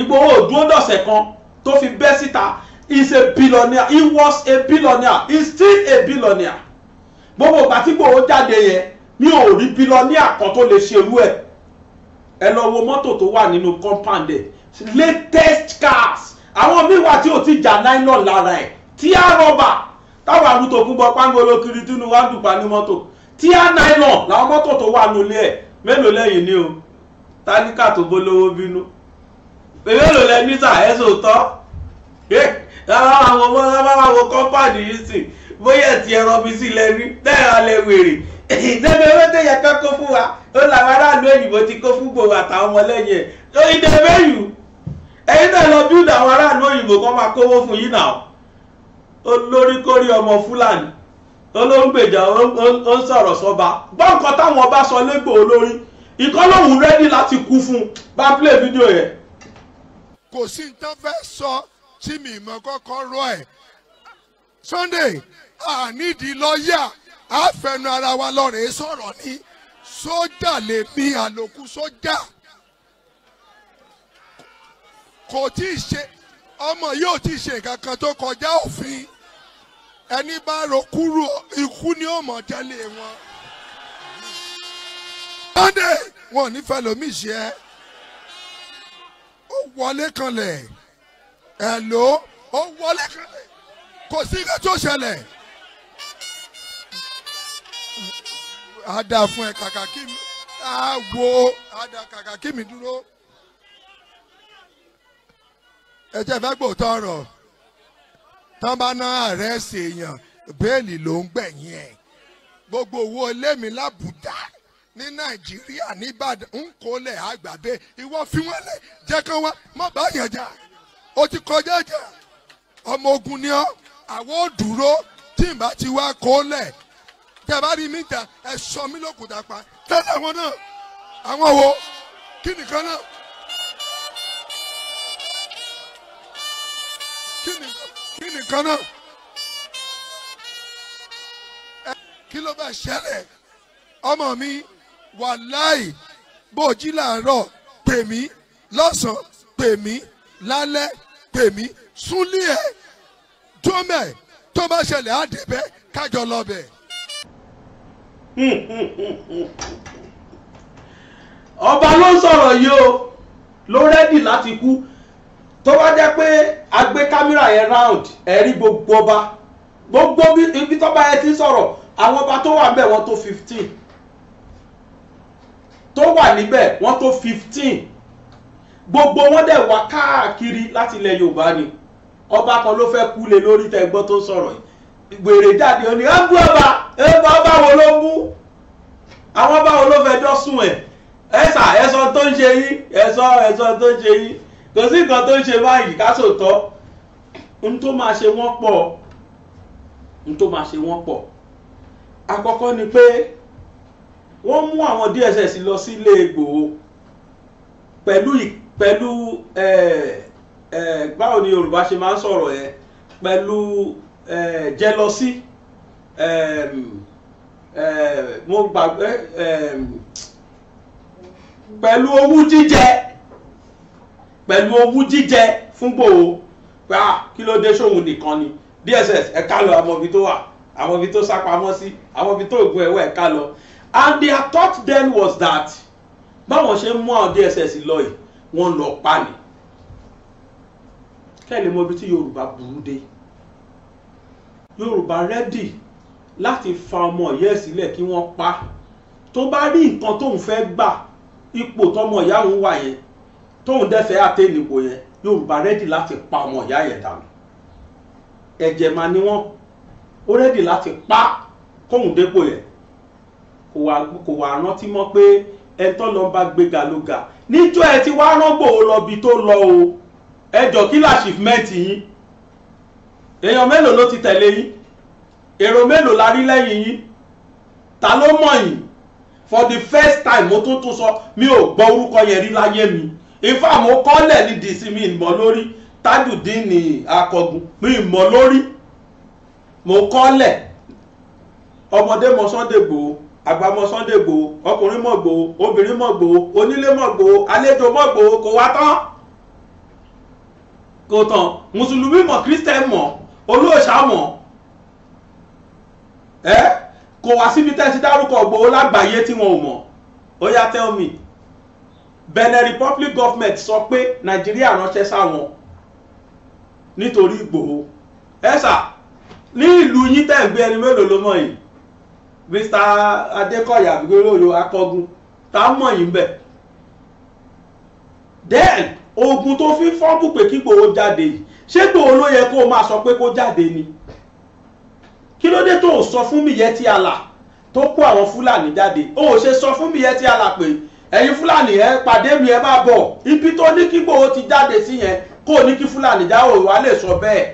Igboho òdúró kan tó fi bẹ́ síta is a billionaire he was a billionaire he is still a billionaire gbogbo ìgbà tí gbòòrò jáde yẹn mi ò rí billionaire kan tó lè ṣerú ẹ̀ ẹ lọ wo mọ́tò tó wà nínú compound ẹ̀ latest cars àwọn míì wà tí ò ti jà nylon lára ẹ̀ tíá rọ́bà táwọn arúgbó gbọ́ pangolo kiri tínú wá dùgbà ní mọ́tò tíá nylon làwọn mọ́tò tó wà nulẹ̀ ẹ̀ mélòó lẹ́yìn ni o táníkà tó bólówó bínú mélòó lẹ́ níta ẹ̀ sòótọ́ rárá àwọn ọmọ rárá àwọn kọ́pàdì yìí sì bóyá ti ẹran mi sí lẹ́rí náírà lẹ wèrè ìdẹ́gbẹ́ ewédè yẹn kọ́ kó fún wa ó làwọn aráàlú òyìnbó ti kó fún gbòòrò àtàwọn ọmọlẹ́yìn ẹ̀ lórí dẹ́gbẹ́yù ẹ̀yin náà lọ bí àwọn aráàlú òyìnbó kan máa kówó fún yín náà olóríkórí ọmọ fúlàní olóńgbèjà ó ń sọ̀rọ̀ sọ́ba gbọ́ nǹkan táwọn ọba sọ lẹ́gbò olórí ìkọ́ lòun rẹ́dí láti kú fún bá play fídíò yẹn. kò sí ní tán fẹ́ sọ tí mi mọ kọ́kọ́ rọ ẹ̀ Sunday ànídìí lọ́ọ̀yà àfẹnu ara wa lọ́rẹ̀ẹ́ sọ̀rọ̀ ní sójà lè bí àlòkù sójà kò tí ì ṣe ọmọ yóò tí ì ṣe nǹkan kan tó kọjá òfin ẹni bá ro ikú ni ó mọ̀ tẹ́lẹ̀ wọn. Sunday wọn ò ní fẹ́ lómi ṣe ẹ́ ó wọlé kanlẹ̀ ẹ lò ó wọlé kò sí ká tó ṣẹlẹ̀ á dá fún ẹ kàkà kí mi á wo á dá kàkà kí mi dúró ẹ jẹ́ fẹ́ gbòòtọ́ ọ̀rọ̀ tán bá ná àrẹ́sì èèyàn bẹ́ẹ̀lì ló ń gbẹ̀yìn ẹ̀ gbogbo owó ilé mi lábùdá ní nàìjíríà nìbàdàn ń kólẹ̀ àgbàdo ìwọ fi wọ́n lẹ̀ jẹ́ kán wá má bá yàn ó ti kọjá jà ọmọ ogun ni ọ́ àwọn ò dúró tí n bá ti wá kó lẹ̀ tẹ́ bá rí mi ta ẹ sọ mí lókùtà pa tẹ́lẹ̀ àwọn náà àwọn wo kí nìkan náà. kí nìkan náà kí ló bá ṣẹlẹ̀ ọmọ mi wàláì bòjí làárọ̀ pè mí lọ́sàn pè mí lálẹ́ pèmí súnlé ẹ̀ dómẹ̀ tó bá ṣẹlẹ̀ á débẹ̀ kájọ lọ bẹ̀. ọba ló ń sọ̀rọ̀ yìí o ló rẹ́dì láti kú tó bá jẹ́ pé a gbé kámẹ́rà yẹn round ẹ̀rí gbogbo ọba gbogbo ibi tó bá yẹ ti sọ̀rọ̀ àwọn ọba tó wà bẹ́ẹ̀ wọ́n tó fifteen tó wà níbẹ̀ wọ́n tó fifteen gbogbo wọn dẹ̀ wá káàkiri láti ilẹ̀ yorùbá ni ọba kan ló fẹ́ kúlẹ̀ lórí tẹ̀gbọ́n tó sọ̀rọ̀ yìí gbèrè jáde ó ní ẹ bú ọba ẹ bá ọba wo ló bú àwọn ọba wo ló fẹ́ jọ́ sùn ẹ̀ ẹ sà ẹ sọ tó ń ṣe yín ẹ sọ ẹ sọ tó ń ṣe yín kò sí nǹkan tó ń ṣe báyìí kásòótọ́ n tó máa ṣe wọ́n pọ̀ n tó máa ṣe wọ́n pọ̀ àkọ́kọ́ ni pé wọ́n mú àwọn DSS lọ sílé Ìgbòho pẹ̀lú pẹ̀lú báwo ni Yorùbá ṣe máa ń sọ̀rọ̀ yẹn pẹ̀lú jẹ́lọ́sí mo gbàgbé pẹ̀lú owú jíjẹ pẹ̀lú owú jíjẹ fún Ìgbòho pé ah kí ló dé sóhun nìkan ni DSS ẹ̀ka lọ àwọn ibi tó wà àwọn ibi tó sápamọ́ sí àwọn ibi tó ògùn ẹ̀wọ̀ ẹ̀ka lọ and their thought then was that báwọn ṣe ń mú àwọn DSS lọ yìí wọ́n lọ pa ni kẹ́lẹ̀ mọ ibi tí Yorùbá burú dé Yorùbá rẹ́dì láti fa ọmọ ìyá ẹ̀ sílẹ̀ kí wọ́n pa tó bá rí nǹkan tóun fẹ́ gbà ipò tọmọ ìyá òun wà yẹn tóun dẹ́fẹ̀ẹ́ àtẹnìpò yẹn Yorùbá rẹ́dì láti pa ọmọ ìyá yẹn dànù ẹ̀jẹ̀ máa ní wọ́n ó rẹ́dì láti pa kóun dépò yẹn kò wá rántí mọ́ pé ẹ̀tọ́ ló ń bá gbéga ló ga níjọ́ ẹ ti wá rọ́gbò lọ́bi tó lọ o ẹjọ́ kí l'achievement yín èèyàn mélòó ló ti tẹ̀lé yín èrò mélòó la rí lẹ́yìn yín ta ló mọ̀ yín for the first time mo tún tún sọ mi ò gbọ́ orúkọ yẹn rí láyé mi ifá mo kọ́lẹ̀ ní dc mi ìmọ̀ lórí tajudeen ní akọgun mi ìmọ̀ lórí mo kọ́lẹ̀ ọmọdé mọ Sunday Igboho àgbàmọ Sunday Igboho ọkùnrin mọ Igboho obìnrin mọ Igboho onílé mọ Igboho àlejò mọ Igboho kò wá tán kò tán mùsùlùmí mọ kírísítẹ́n mọ olóòṣà mọ ẹ kò wá síbi tẹ́ ti dárúkọ Igboho lágbàáyé tí wọn ò mọ̀ ó yá tell me Benin Republic government sọ pé Nàìjíríà ránṣẹ́ sáwọn nítorí Igboho ẹ sà ní ìlú yín tẹ̀ ń gbé ẹni mélòó ló mọ̀ yìí Mr. Adékọ̀yà àbígbélóyò akọgun tá a mọ̀ yìí bẹ̀ then ogun tó fi fọ́ọ̀bù pé kí Ìgbòho jáde yìí ṣé Ìgbòho ló yẹ kó o máa sọ pé kó jáde ni kí ló dé tó o sọ fún Miyetti Allah tó kó àwọn Fúlàní jáde o ò ṣe sọ fún Miyetti Allah pé ẹ̀yin Fúlàní ẹ pàdé mi ẹ máa bọ̀ ibi tó ní kí Ìgbòho ti jáde sí yẹn kó o ní kí Fúlàní jáwọ́ ìwà lè sọ bẹ́ẹ̀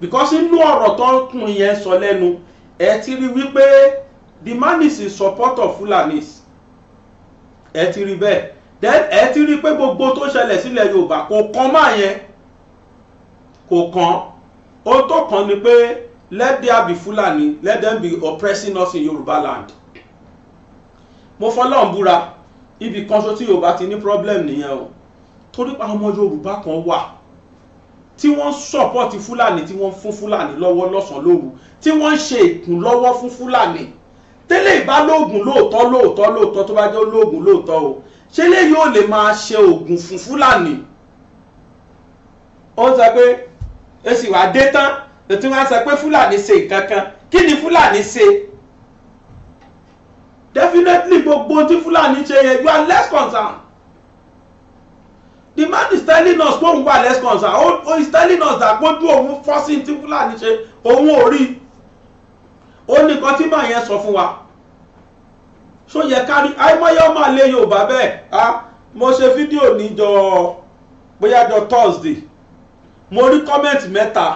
because inú ọ̀rọ̀ tó ń kun yẹn sọ lẹ́nu ẹ ti rí wípé the man is in support of Fulanis ẹ ti rí bẹ́ẹ̀ then ẹ ti rí pé gbogbo tó ṣẹlẹ̀ sílẹ̀ Yorùbá kò kàn máa yẹn kò kàn ohun tó kàn ni pé let there be Fulani let them be oppressing us in Yorùbá land mo fọlọ́n búra ibì kan ṣo tí Yorùbá ti ní problem nìyẹn o torí pa ọmọ Yorùbá kan wà tí wọ́n sọ̀pọ̀tì Fúlàní tí wọ́n fún Fúlàní lọ́wọ́ lọ́sàn-án lóru tí wọ́n ń ṣe ìkùnlọ́wọ́ fún Fúlàní tẹ́lẹ̀ ìbá lóògùn lóòótọ́ lóòótọ́ lóòótọ́ tó bá jẹ́ lóògùn lóòótọ́ o ṣé lè yóò lè máa ṣe oògùn fún fúlàní ó sọ pé èsì wà dé tán tètè wọn sọ pé fúlàní ṣe nǹkan kan kí ni fúlàní ṣe definitely gbogbo tí fúlàní ṣe yẹn you are less concerned the man is telling us pé òun wà less concerned he is telling us that gbójú òun forcing tí fúlàní ṣe òun ò rí i ó ní nǹkan tí màá yẹn sọ fún wa ṣó yẹ kárí àìmọye ọmọ àlè Yorùbá bẹ́ẹ̀ a mo ṣe fídíò níjọ bóyá jọ Thursday mo rí kọ́mẹ̀ntì mẹ́ta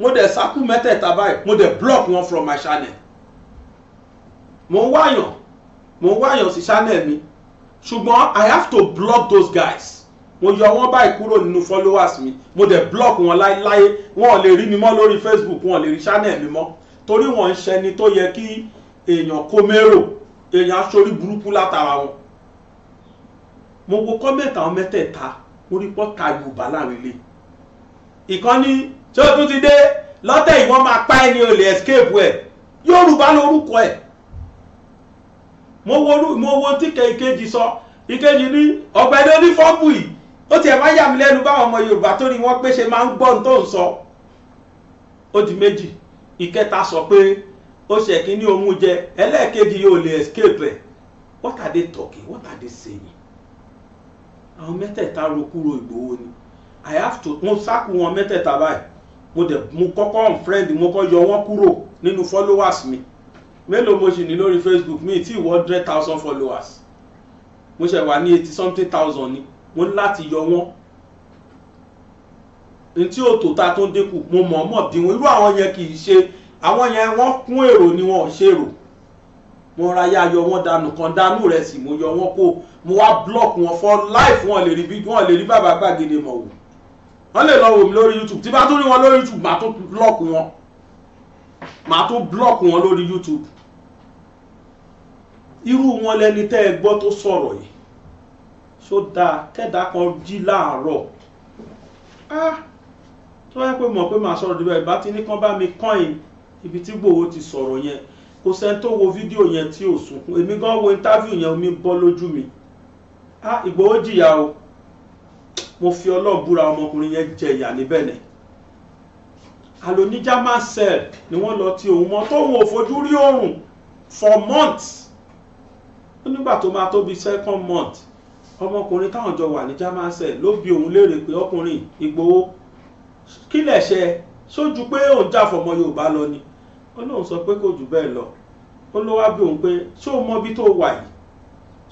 mo dẹ̀ sákú mẹ́tẹ̀ẹ̀ta báyìí mo dẹ̀ block wọn from my channel mo ń wáyàn mo ń wáyàn sí channel mi ṣùgbọ́n I have to block those guys mo yọ wọn báyìí kúrò nínú followers mi mo dẹ̀ block wọn láéláé wọn ò lè rí mi mọ́ lórí Facebook wọn ò lè rí channel mi mọ́ torí wọ́n ń ṣẹni tó yẹ kí èèyàn kó mérò èèyàn aṣorí burúkú látara wọn mo wo kọ́mẹ̀tì àwọn mẹ́tẹ̀ẹ̀ta mo rí pọ́ta yorùbá láàrin ilé ìkànnì tí ó tún ti dé lọ́tẹ̀ ìwọ́n máa pa ẹni olè escape ẹ̀ yorùbá lórúkọ ẹ̀ mo wo mo wo tí kèkejì sọ ìkejì ní ọ̀gbẹ́ni onífọ́ọ̀bù yìí ó tiẹ̀ máa yà mí lẹ́nu báwọn ọmọ yorùbá tó ní wọ́n pé ṣe máa ń gbọ́ ohun tó ń sọ ó di méjì ìkẹta sọ pé ó ṣe kínní òun jẹ ẹlẹ́ẹ̀kejì yóò lè escape ẹ̀ what are they talking what are they saying àwọn mẹ́tẹ̀ẹ̀ta rokúro Ìgbòho ni i have to mo sáàkù wọn mẹ́tẹ̀ẹ̀ta báyìí mo dẹ̀ mo kọ́kọ́ unfriend mo kọ́ yọ wọ́n kúrò nínú followers mi mélòó mo sì ní lórí Facebook mi tí ìwọ hundred thousand followers mo ṣe wà ní eighty something thousand ni mo ní láti yọ wọ́n n tí ò tó ta tó dínkù mo mọ̀ mọ̀ bí wọn irú àwọn yẹn kì í ṣe àwọn yẹn wọ́n kún èrò ni wọn ò ṣèrò mo ra ya yọ wọn dànù kan dànù rẹ sì mo yọ wọn kó mo wá block wọn for life wọn lè rí bí wọn lè rí bàbá gbàgede mọ̀ wò wọ́n lè lọ wò mí lórí youtube tí bá tún rí wọn lórí youtube màá tún block wọn màá tún block wọn lórí youtube irú wọn lẹni tẹ́ ẹ gbọ́ tó sọ̀rọ̀ yìí ṣó dáa kẹ́dà kan jí láàárọ̀ ah tó bá yẹ pé mọ̀ pé màá sọ̀rọ̀ débẹ̀ ìbá ti ní kán bá mi kàn yín ibi tí Ìgbòho ti sọ̀rọ̀ yẹn kò sẹ́ni tó wo fídíò yẹn tí ò sunkún èmi gan wo interview yẹn omi bọ́ lójú mi ah Ìgbòho jìyà o mo fi ọlọ́ọ̀búra ọmọkùnrin yẹn jẹ ìyà níbẹ̀ nìyẹn alonijama cell ni wọ́n lọ ti òun mọ́ tóun ò fojú rí oòrùn for months ó nígbà tó máa tó bí second month ọmọkùnrin táwọn jọ wà ní jama cell ló bi òun léèrè pé ọkùnrin Ìgbòho kí lẹ̀ṣẹ̀ sójú pé òun jà fọmọ Yorùbá lọ ni ó lóun sọ pé kò jù bẹ́ẹ̀ lọ ó ló wá bí òun pé ṣé o mọ ibi tó wà yìí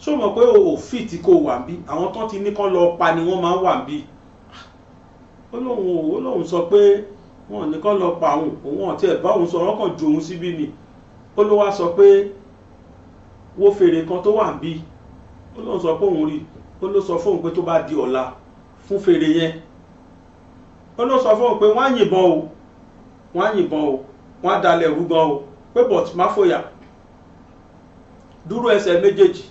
ṣé o mọ̀ pé o fi tí kò wà níbí àwọn tán ti ní kán lọ pa ni wọ́n máa ń wà níbí ó lóun ó lóun sọ pé wọn ò ní kán lọ pa òun òun àti ẹ̀bá òun sọ ọ̀rọ̀ kan ju òun síbí ni ó ló wá sọ pé wo fèrè kan tó wà níbí ó lóun sọ pé òun rí ó ló sọ fóun pé tó bá di ọ̀la fún fèrè yẹn ó ló sọ fóun pé wọ́n á yìnbọn o wọ́n á yìnbọn o wọ́n á dalẹ̀ ẹ̀rú gan o pé but má fòyà dúró ẹsẹ̀ méjèèjì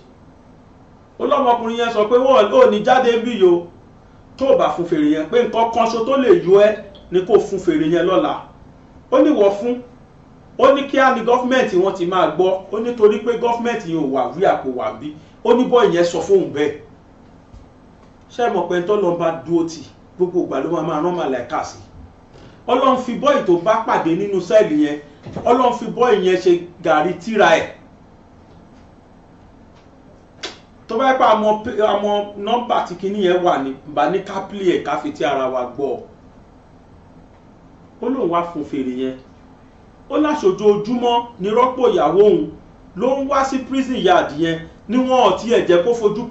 ó lọ́mọkùnrin yẹn sọ pé wọ́n ò ní jáde bí yo tó o bá fún fèrè yẹn pé nǹkan kan ṣo tó lè yọ ẹ́ ni kò fún fèrè yẹn lọ́la ó ní wọ́n fún ó ní kíá ni gọ́fúmẹ̀ntì wọn ti máa gbọ́ ó ní torí pé gọ́fúmẹ̀ntì yẹn ò wà wí àpò wà bí ó ní bọ́ọ̀ yẹn sọ fóun bẹ́ẹ̀ ṣé mọ̀ pé tó lọ́ọ́ bá dúró tì í gbogbo ìgbà ló máa máa rán màlẹ́kà sí ọlọ́run fi tó bá pàdé nínú sẹ́ẹ̀lì yẹn ọlọ́run fi bọ́ì yẹn ṣe gàrí tíra ẹ̀ tó bá pa àmọ́ nọ́mbà tí yẹn wà ní bá ní kápílì ẹ̀ ara wa gbọ́ ó lóun wá fún fèrè yẹn ó láṣojú ojúmọ́ ní rọ́pò ìyàwó òun ló prison yard yẹn ni tiẹ̀ jẹ́ kó fojú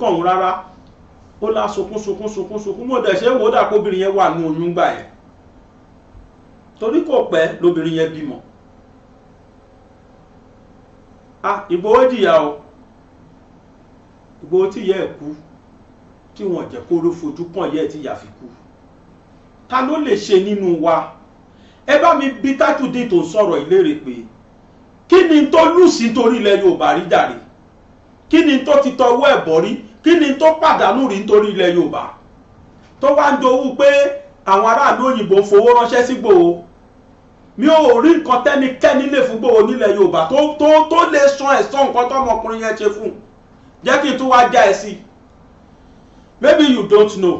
ó lá sunkún sunkún sunkún sunkún mo dẹ̀ ṣe ń wò ó dà kó obìnrin yẹn wà ní oyún gbà yẹn torí kò pẹ́ lóbìnrin yẹn bímọ ah Ìgbòho jìyà o Ìgbòho tí ìyá ẹ̀ kú tí wọ́n jẹ́ kó ló fojú kàn yẹ́ ẹ̀ tí ìyá fi kú ta ló lè ṣe nínú wa ẹ bá mi bi Tajudeen tó sọ̀rọ̀ ìlérè pé kí ni tó lù sí torí ilẹ̀ Yorùbá rí dàrí kí ni tó ti tọwọ́ ẹ̀bọ̀ rí kí ni tó pàdánù rí nítorí ilẹ̀ yorùbá tó wá ń jowú pé àwọn aráàlú òyìnbó fowó ránṣẹ́ sí gbòó mi ò rí nǹkan tẹ́nikẹ́ni lè fún gbòó nílẹ̀ yorùbá tó tó tó lè san ẹ̀san nǹkan tọmọkùnrin yẹn ṣe fún jẹ́ kí n tún wá já ẹ sí maybe you don't know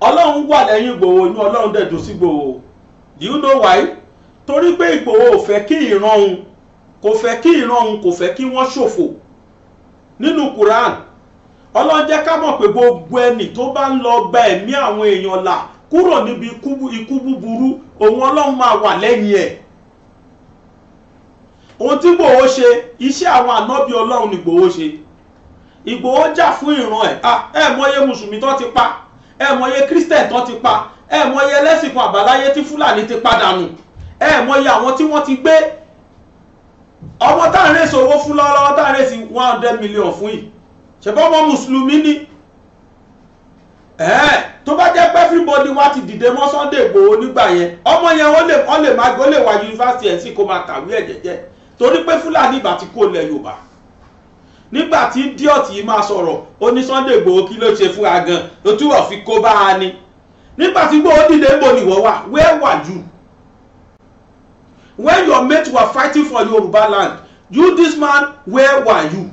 ọlọ́run wà lẹ́yìn gbòó inú ọlọ́run dẹ̀ dùn sí gbòó do you know why torí pé ìgbòho ò fẹ́ kí ìran òun kò fẹ́ kí ìran òun kò fẹ́ kí wọ́n ṣòfò nínú Quran ọlọ́run jẹ́ ká mọ̀ pé gbogbo ẹnì tó bá ń lọ gba ẹ̀mí àwọn èèyàn là kúrò níbi ikú búburú òun ọlọ́run máa wà lẹ́yìn ẹ̀ ohun tí gbòho ṣe iṣẹ́ àwọn ànábì ọlọ́run ni gbòho ṣe ìgbòho jà fún ìran ẹ̀ ẹ mọye mùsùlùmí tó ti pa ẹ mọye christian tó ti pa ẹ mọye ẹlẹ́sìn kan àbáláyé tí fúlàní ti padà nù ẹ mọye àwọn tí wọ́n ti gbé ọmọ tá à ń rèsì owó fún lọ́wọ́lọ́wọ́ tá ń rèsì one hundred million fún yìí ṣẹ̀bọ́n mọ́ mùsùlùmí ni ẹ̀ẹ́ tó bá jẹ́ pé everybody wá ti dìde mọ́ Sunday Igboho nígbà yẹn ọmọ yẹn ó lè ó lè máa ó lè wá yunifásitì ẹ̀ sí kó máa kàwé ẹ̀ jẹ́jẹ́ torí pé Fúlàní ìgbà tí kò lẹ̀ Yorùbá nígbà tí díọ̀tì yìí máa sọ̀rọ̀ ó ní Sunday Igboho kí ló ṣe fún wa gan ló túbọ̀ fi kó bá a ni nígbà tí Igboho dìde ń bò ní ìwọ wà where were you when your mates were fighting for Yorùbá land you this man where were you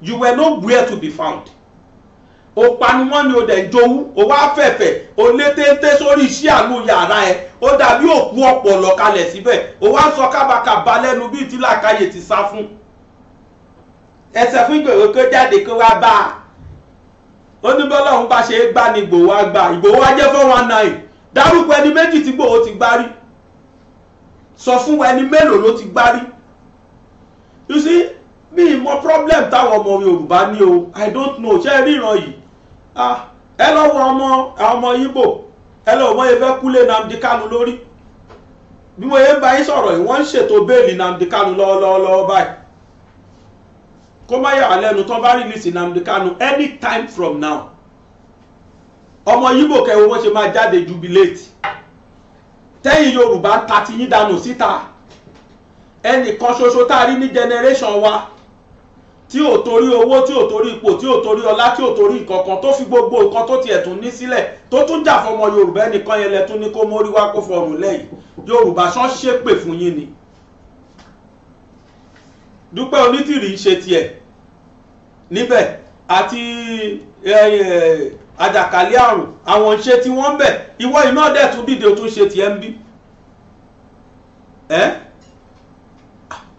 you were nowhere to be found o panumọ́ ni o dẹ̀ ń jowú o wá fẹ̀fẹ̀ o lé téńté sórí iṣẹ́ àánú yàrá ẹ̀ ó dàbí òkú ọ̀pọ̀lọ̀ kalẹ̀ síbẹ̀ o wá sọ kábàkàbà lẹ́nu bíi tí làkàyè ti sá fún ẹsẹ̀ fún ìgbèrò kó jáde kó wá bá a ó ní bọ́lá òun bá ṣe é gbá ni Ìgbòho á gbà Ìgbòho á jẹ́ four one nine dárúkọ ẹni méjì tí Ìgbòho ti gbá rí sọ fún ẹni mélòó ló ti gbá rí you see mi mọ problem táwọn ọmọ yorùbá ní o i don't know ṣé ẹ ríran yìí ah ẹ lọ́wọ́ ọmọ ọmọ ibo ẹ lọ́wọ́ ọmọ yẹn fẹ́ kúlé Nnamdi Kanu lórí bí mo yẹn ń bá yín sọ̀rọ̀ yìí wọ́n ń ṣètò béèlì Nnamdi Kanu lọ́wọ́lọ́wọ́ báyìí kó má yà wá lẹ́nu tán bá rìlíìsì Nnamdi Kanu anytime from now ọmọ yíbò kẹwọ́ wọ́n ṣe máa jáde jubilate tẹ́yìn yorùbá ta ti yín dànù síta ẹnìkan ṣoṣo tá a rí ní generation wa tí ò torí owó tí ò torí ipò tí ò torí ọlá tí ò torí nǹkankan tó fi gbogbo nǹkan tó tiẹ̀ tún ní sílẹ̀ tó tún jà fọmọ yorùbá ẹnìkan yẹn lẹ tún ní kó mórí wá kó fọrùn lẹ́yìn yorùbá sán ṣépè fún yín ni dúpẹ́ onítìrì ń ṣe tiẹ̀ níbẹ̀ àti àjàkálẹ̀ àrùn àwọn ṣe tí wọ́n ń bẹ̀ ìwọ iná dẹ̀ tún dìde tún ṣe tiẹ̀ ń bí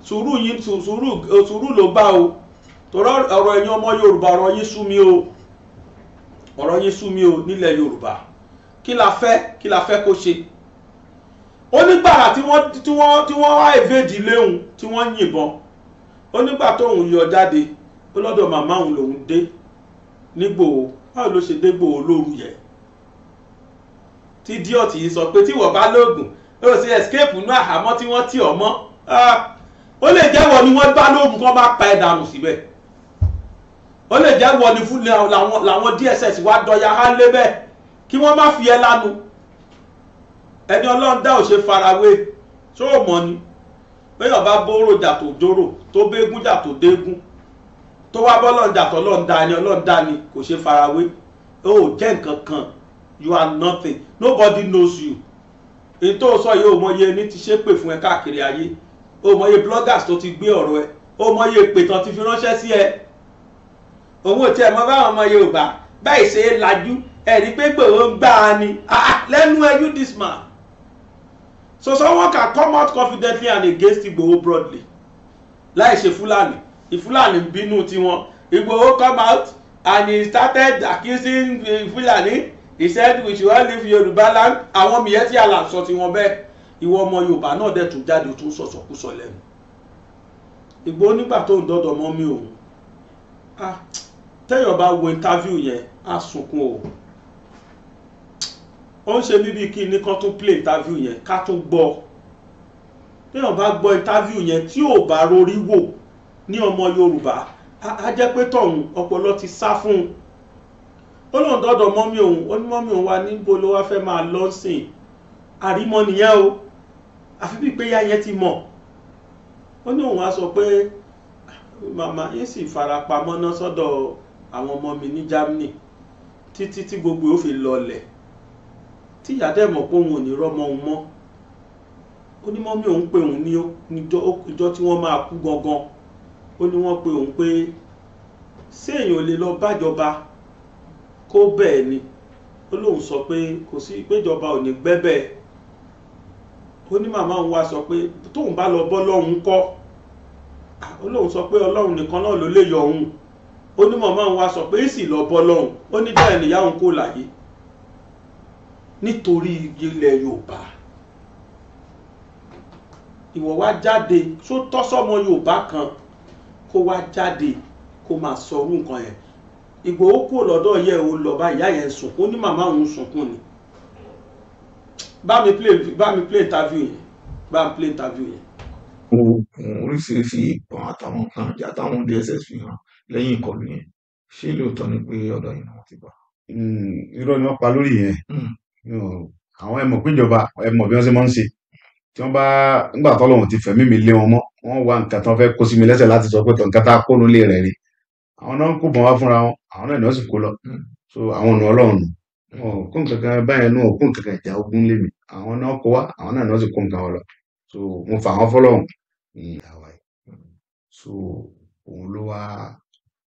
sùúrù yín sùúrù ló bá o tọ́rọ ọ̀rọ̀ ẹ̀yin ọmọ yorùbá ọ̀rọ̀ yín sú mi o ọ̀rọ̀ yín sú mi o nílẹ̀ yorùbá kí la fẹ́ kí la fẹ́ kó ṣe ó nígbàrà tí wọ́n tí wọ́n tí wọ́n wá èvèdì léhùn tí wọ́n yìnbọn ó nígbà tóun yọ jáde ó lọ́dọ̀ màmá òun lòun dé nígbòho báwo ló ṣe dé gbòho lóru yẹn tí díọ̀tì yìí sọ pé tí wọ́n bá lóògùn ó sì escape nú àhámọ́ tí wọ́n tì ọ́ mọ́ ah, ó lè jẹ́wọ́ ni wọ́n bá lóògùn kí wọ́n bá pa ẹ̀ dànù síbẹ̀ ó lè jẹ́ wọ ni fún làwọn DSS wá dọ̀yà á lé bẹ́ẹ̀ kí wọ́n má fi ẹ lánu ẹni ọlọ́run dá ò ṣe farawé tó o mọ̀ ni bẹ́ẹ̀ bá bóró jà tó dóró tó bégún jà tó dégún tó wá bọ́lọ̀ jà tó lọ́n da ni ọlọ́run dá ni kò ṣe farawé o ò jẹ́ nǹkan kan you are nothing nobody knows you ètò sọ yìí ò mọye ní ti ṣépè fún ẹ káàkiri ayé ò mọye bloggers tó ti gbé ọ̀rọ̀ ẹ ò mọye èpè tán ti fi ránṣẹ́ sí ẹ òun ò tiẹ̀ mọ báwọn ọmọ Yorùbá báyìí ṣe é lajú ẹ̀rí pé gbòòrò ń gbá a ni ah, ah, lẹ́nu ẹjú this man so someone can come out confidently and against Igboho broadly láì ṣe Fúlàní ìfúlàní bínú tiwọn Igboho come out and he started accusing Fúlàní he said we should all leave Yorùbá land àwọn mìíràn tí àlà sọ tiwọn bẹ́ẹ̀ ìwọ ọmọ Yorùbá náà dẹ̀ tún jáde tún sọ̀sọ̀kúsọ lẹ́nu Igboho nígbà tó ń dọ́dọ̀ mọ́ mi òun ah téèyàn bá wo interview yẹn á sunkún o ó ń ṣe bíbí kí ni kán tún play interview yẹn ká tún gbọ́ téèyàn bá gbọ́ interview yẹn tí ò bá rorí wò ní ọmọ Yorùbá á jẹ́ pé tọ̀hún ọpọlọ ti sá fún un ó lóun dọ́dọ̀ mọ́mí òun ó ní mọ́mí òun wa níbo ló wá fẹ́ máa lọ sìn àrímọ́ nìyẹn o àfi bíi pé yáyẹ ti mọ̀ ó ní òun á sọ pé màmá yín sì fara pamọ́ ná sọ́dọ̀ àwọn ọmọ mi ní Germany títí tí gbogbo ò fi lọlẹ̀ tí ìyá dẹ̀ mọ̀ pé òun ò ní rọ́mọ òun mọ́ ó ní mọ́mí òun pé òun ní ìjọ tí wọ́n máa kú gangan ó ní wọ́n pe òun pé ṣé èèyàn ò lè lọ bájọba kó bẹ́ẹ̀ ni ó lóun sọ pé kò sí péjọba ò ní gbẹ́bẹ̀ ó ní màmá òun wá sọ pé tóun bá lọ bọ́ lọ́hùn-ún ó lóun sọ pé ọlọ́run nìkan náà ló lè yọ òun ó ní mọ̀mọ́ òun wá sọ pé èsì lọ bọ́ lọ́hùn ó ní bẹ́ẹ̀ nìyá òun kò láyé nítorí ilẹ̀ Yorùbá ìwọ wá jáde tó tọ́ sọ́mọ Yorùbá kan kó wá jáde kó máa sọ orú nǹkan yẹn Ìgbòho kúrò lọ́dọ̀ yẹ o lọ ìyá yẹn sunkún ní màmá òun sunkún ni bá mi play interview yẹn bá mi play interview yẹn. oògùn oríṣiríṣi ìbọn àtàwọn kan àti àtàwọn DSS fi hàn lẹ́yìn ìkọlù yẹn ṣé lóòótọ́ ni pé ọ̀dọ̀ yìí ni wọ́n ti gbà. Hmm, irọ́ ni wọ́n pa lórí yẹn hmm. àwọn ẹ̀mọ̀ péjọba ẹ̀mọ̀ bí wọ́n ṣe máa ń ṣe tí wọ́n bá ńgbà tọ́lọ́hún ti fẹ̀mí mi lé wọn mọ́ wọ́n wá nǹkan tí wọ́n fẹ́ kó sí mi lẹ́sẹ̀ láti sọ pé nǹkan tá a kó nulẹ̀ rẹ̀ rí àwọn náà ń kó bọ̀n wá fúnra wọn àwọn náà ni wọ́n sì kó lọ hmm. so àwọn ọ̀nà ọlọ́run nù kún kankan báyẹn nù kún kankan ìjà ogun lé mi àwọn náà kó wá àwọn náà ni wọ́n sì kó nǹkan wọn lọ so mo fà wọn fọlọ́hún so òun ló wá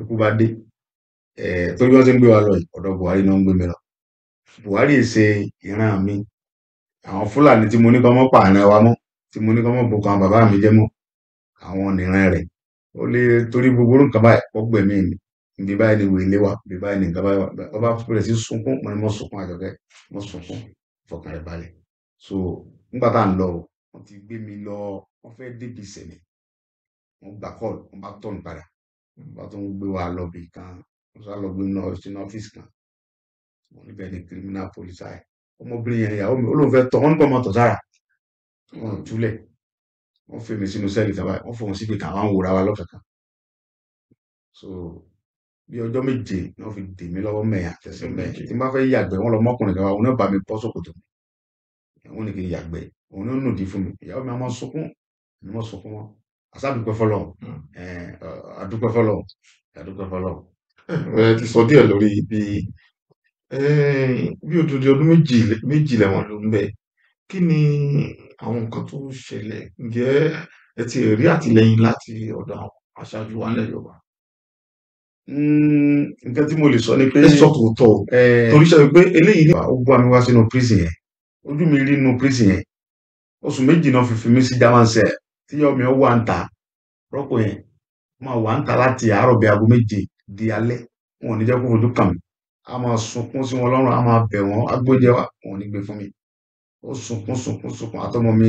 ikú bá dé eh, torí wọn ti ń gbé wa lọ ọ̀dọ̀ buhari náà ń gbé mi lọ buhari ṣe ìran mi àwọn fúlàní tí mo ní kọ́ mọ́ pààrẹ wa mọ́ tí mo ní kọ́ mọ́ boko àwọn bàbá mi jẹ́ mọ́ àwọn nìran rẹ̀ ó lè torí gbogbo nǹkan báyìí ọgbẹ́ mi ni ibi báyìí ni wèlé wa ibi báyìí ni nǹkan báyìí wa ọba bẹ̀rẹ̀ sí sunkún mo ní mo sunkún àjọkẹ́ mo sunkún fọkàn rẹ̀ balẹ̀ so nígbà tá à ń lọ o wọ́n ti gbé mi lọ wọ́n fẹ́ débi sẹ̀mí wọ́n gbà kọ́ọ̀lù wọ́n bá tọ̀ nípadà bá tó ń gbé wa lọ bì kan wọ́n sá lọ gbé mi náà sínú ọ́fíìsì kan wọ́n níbẹ̀ ni criminal police eye ọmọbìnrin yẹn ìyàwó mi ó lóun fẹ́ tọ̀ wọ́n ń bọ̀ ọmọ tọ̀ sára wọ́n túlẹ̀ wọ́n fèmí sínú sẹ́ẹ̀lì tàbá wọ́n fòun síbi kan àwọn wòra wa lọ́sẹ̀ kan so bí ọjọ́ méje ni wọ́n fi dè mí lọ́wọ́ mẹ́yà tẹ̀sí mẹ́yà tí n bá fẹ́ wa òun náà bá mi bọ́ sókòtò mi òun ní kí n yàgbẹ́ òun ní ó nùdí fún mi ìyàwó mi a máa sunkún àsàdúpẹ́ fọ́lọ́run àdúpẹ́ hmm. fọ́lọ́run àdúpẹ́ fọ́lọ́run. Hmm. ẹ ti sọ díẹ̀ lórí ibi bí odidi ọdún méjì lẹ́wọ̀n ló ń bẹ kí ni àwọn nǹkan tó ṣẹlẹ̀ ǹjẹ́ ẹ ti rí àtìlẹ́yìn láti ọ̀dọ̀ àwọn aṣáájú wa nílẹ̀ Yorùbá. Hmm, nǹkan tí mo lè sọ ni pé. ẹ sọ tòótọ́ o torí ṣe pé eléyìí ní. ó gbọ́ mi wá sínú prison yẹn ojú mi rí inú prison yẹn oṣù méjì náà fi mí sí German tí ọmọ ẹ nta ń ma rọ́pò nta wà láti àárọ̀ méje di alẹ́ wọn ò ní jẹ́ kó fojú kàn mí a máa sunkún sí wọn lọ́rùn a máa bẹ̀ wọ́n wa wọn ò ní gbé fún mi ó sunkún sunkún sunkún àtọmọ mi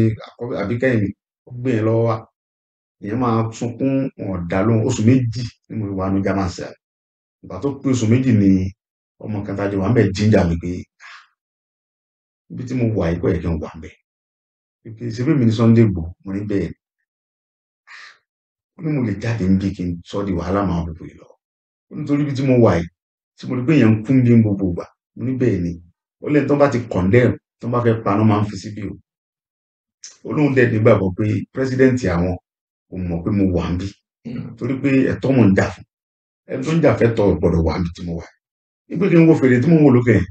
àbíkẹ́yìn mi ó gbé yẹn lọ́wọ́ wa ìyẹn máa sunkún wọn oṣù méjì mo wà ìgbà tó pé ó ní mo lè jáde ń bí kí n sọ di wàhálà máa bòbò yìí lọ ó ní torí ibi tí mo wà yìí tí mo rí pé èèyàn kún bí gbogbo ìgbà mo ní bẹ́ẹ̀ ni ó lẹ́yìn tó bá ti condemn tó bá fẹ́ paná máa ń fi síbí o olóhùn dẹ̀ nígbàgbọ́ pé pírẹsidẹ́ǹtì àwọn kò mọ̀ pé mo wà ń bí hmm. torí pé ẹ̀tọ́ mò ń jà fún ẹni tó ń jà fẹ́ gbọ́dọ̀ wà ń bí tí mo wà yìí pé kí n wo fèrè tí mo ń wò lókè yẹn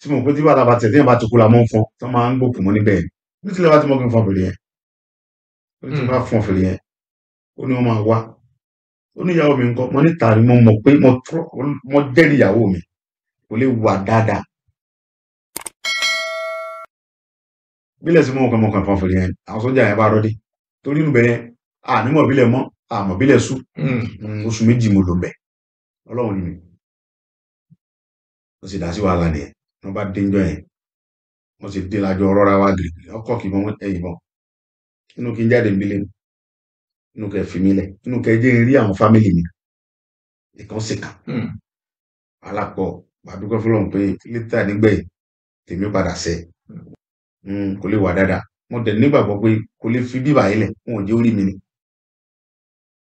tí mo pé tí bàtà bá tẹ̀ tí yẹn bá ti kú la mọ́ ń fọn tó máa ń gbòkùn mọ́ níbẹ̀ yẹn bí tilẹ̀ bá ti mọ́ kí n fọn fèrè yẹn bí tilẹ̀ bá fọn fèrè yẹn ó ní wọ́n máa wá ó ní ìyàwó mi nǹkan mo ní tààrí mo mọ̀ pé mo jẹ́ ìyàwó mi kò lè wà dáadáa bílẹ̀ sí mọ́kàn mọ́kàn fún ọ̀fẹ́lẹ́ yẹn àwọn sọ́jà yẹn bá rọ́dí torí inú bẹ̀rẹ̀ ànímọ̀ bílẹ̀ mọ́ àmọ̀ bílẹ̀ sú hmm. oṣù méjì mo lò ń bẹ̀ ọlọ́run ni mi ó sì dá sí wàhálà nìyẹn wọ́n bá dé ń jọ yẹn wọ́n sì dé lájọ rọ́ra wá gírígírí ọkọ̀ kì í mọ́ ẹ̀yìn mọ́ inú kí n jáde ń mi inú kẹ fi mí lẹ̀ inú kẹ jẹ́ rí àwọn fámìlì mi ìkan sì kàn hmm. alápọ̀ àdúgbò fọlọ́run pé létà nígbẹ̀ tèmi padà sẹ́ hmm, kò lè wà dáadáa mo dẹ̀ nígbàgbọ́ pé kò lè fi bíbà yìí lẹ̀ wọn ò jẹ́ orí mi ni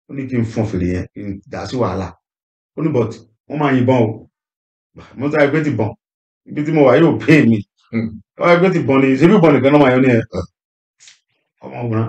ó ní kí n fọn fèrè yẹn kí n dà sí wàhálà ó ní but wọ́n máa yìnbọn o mo sáré ẹgbẹ́ ti bọ̀n ibi tí mo wà yóò pè mí ẹgbẹ́ ti bọ̀n ni ṣé bí bọ̀n nìkan náà máa yọ ní ẹ ọmọ òwúrán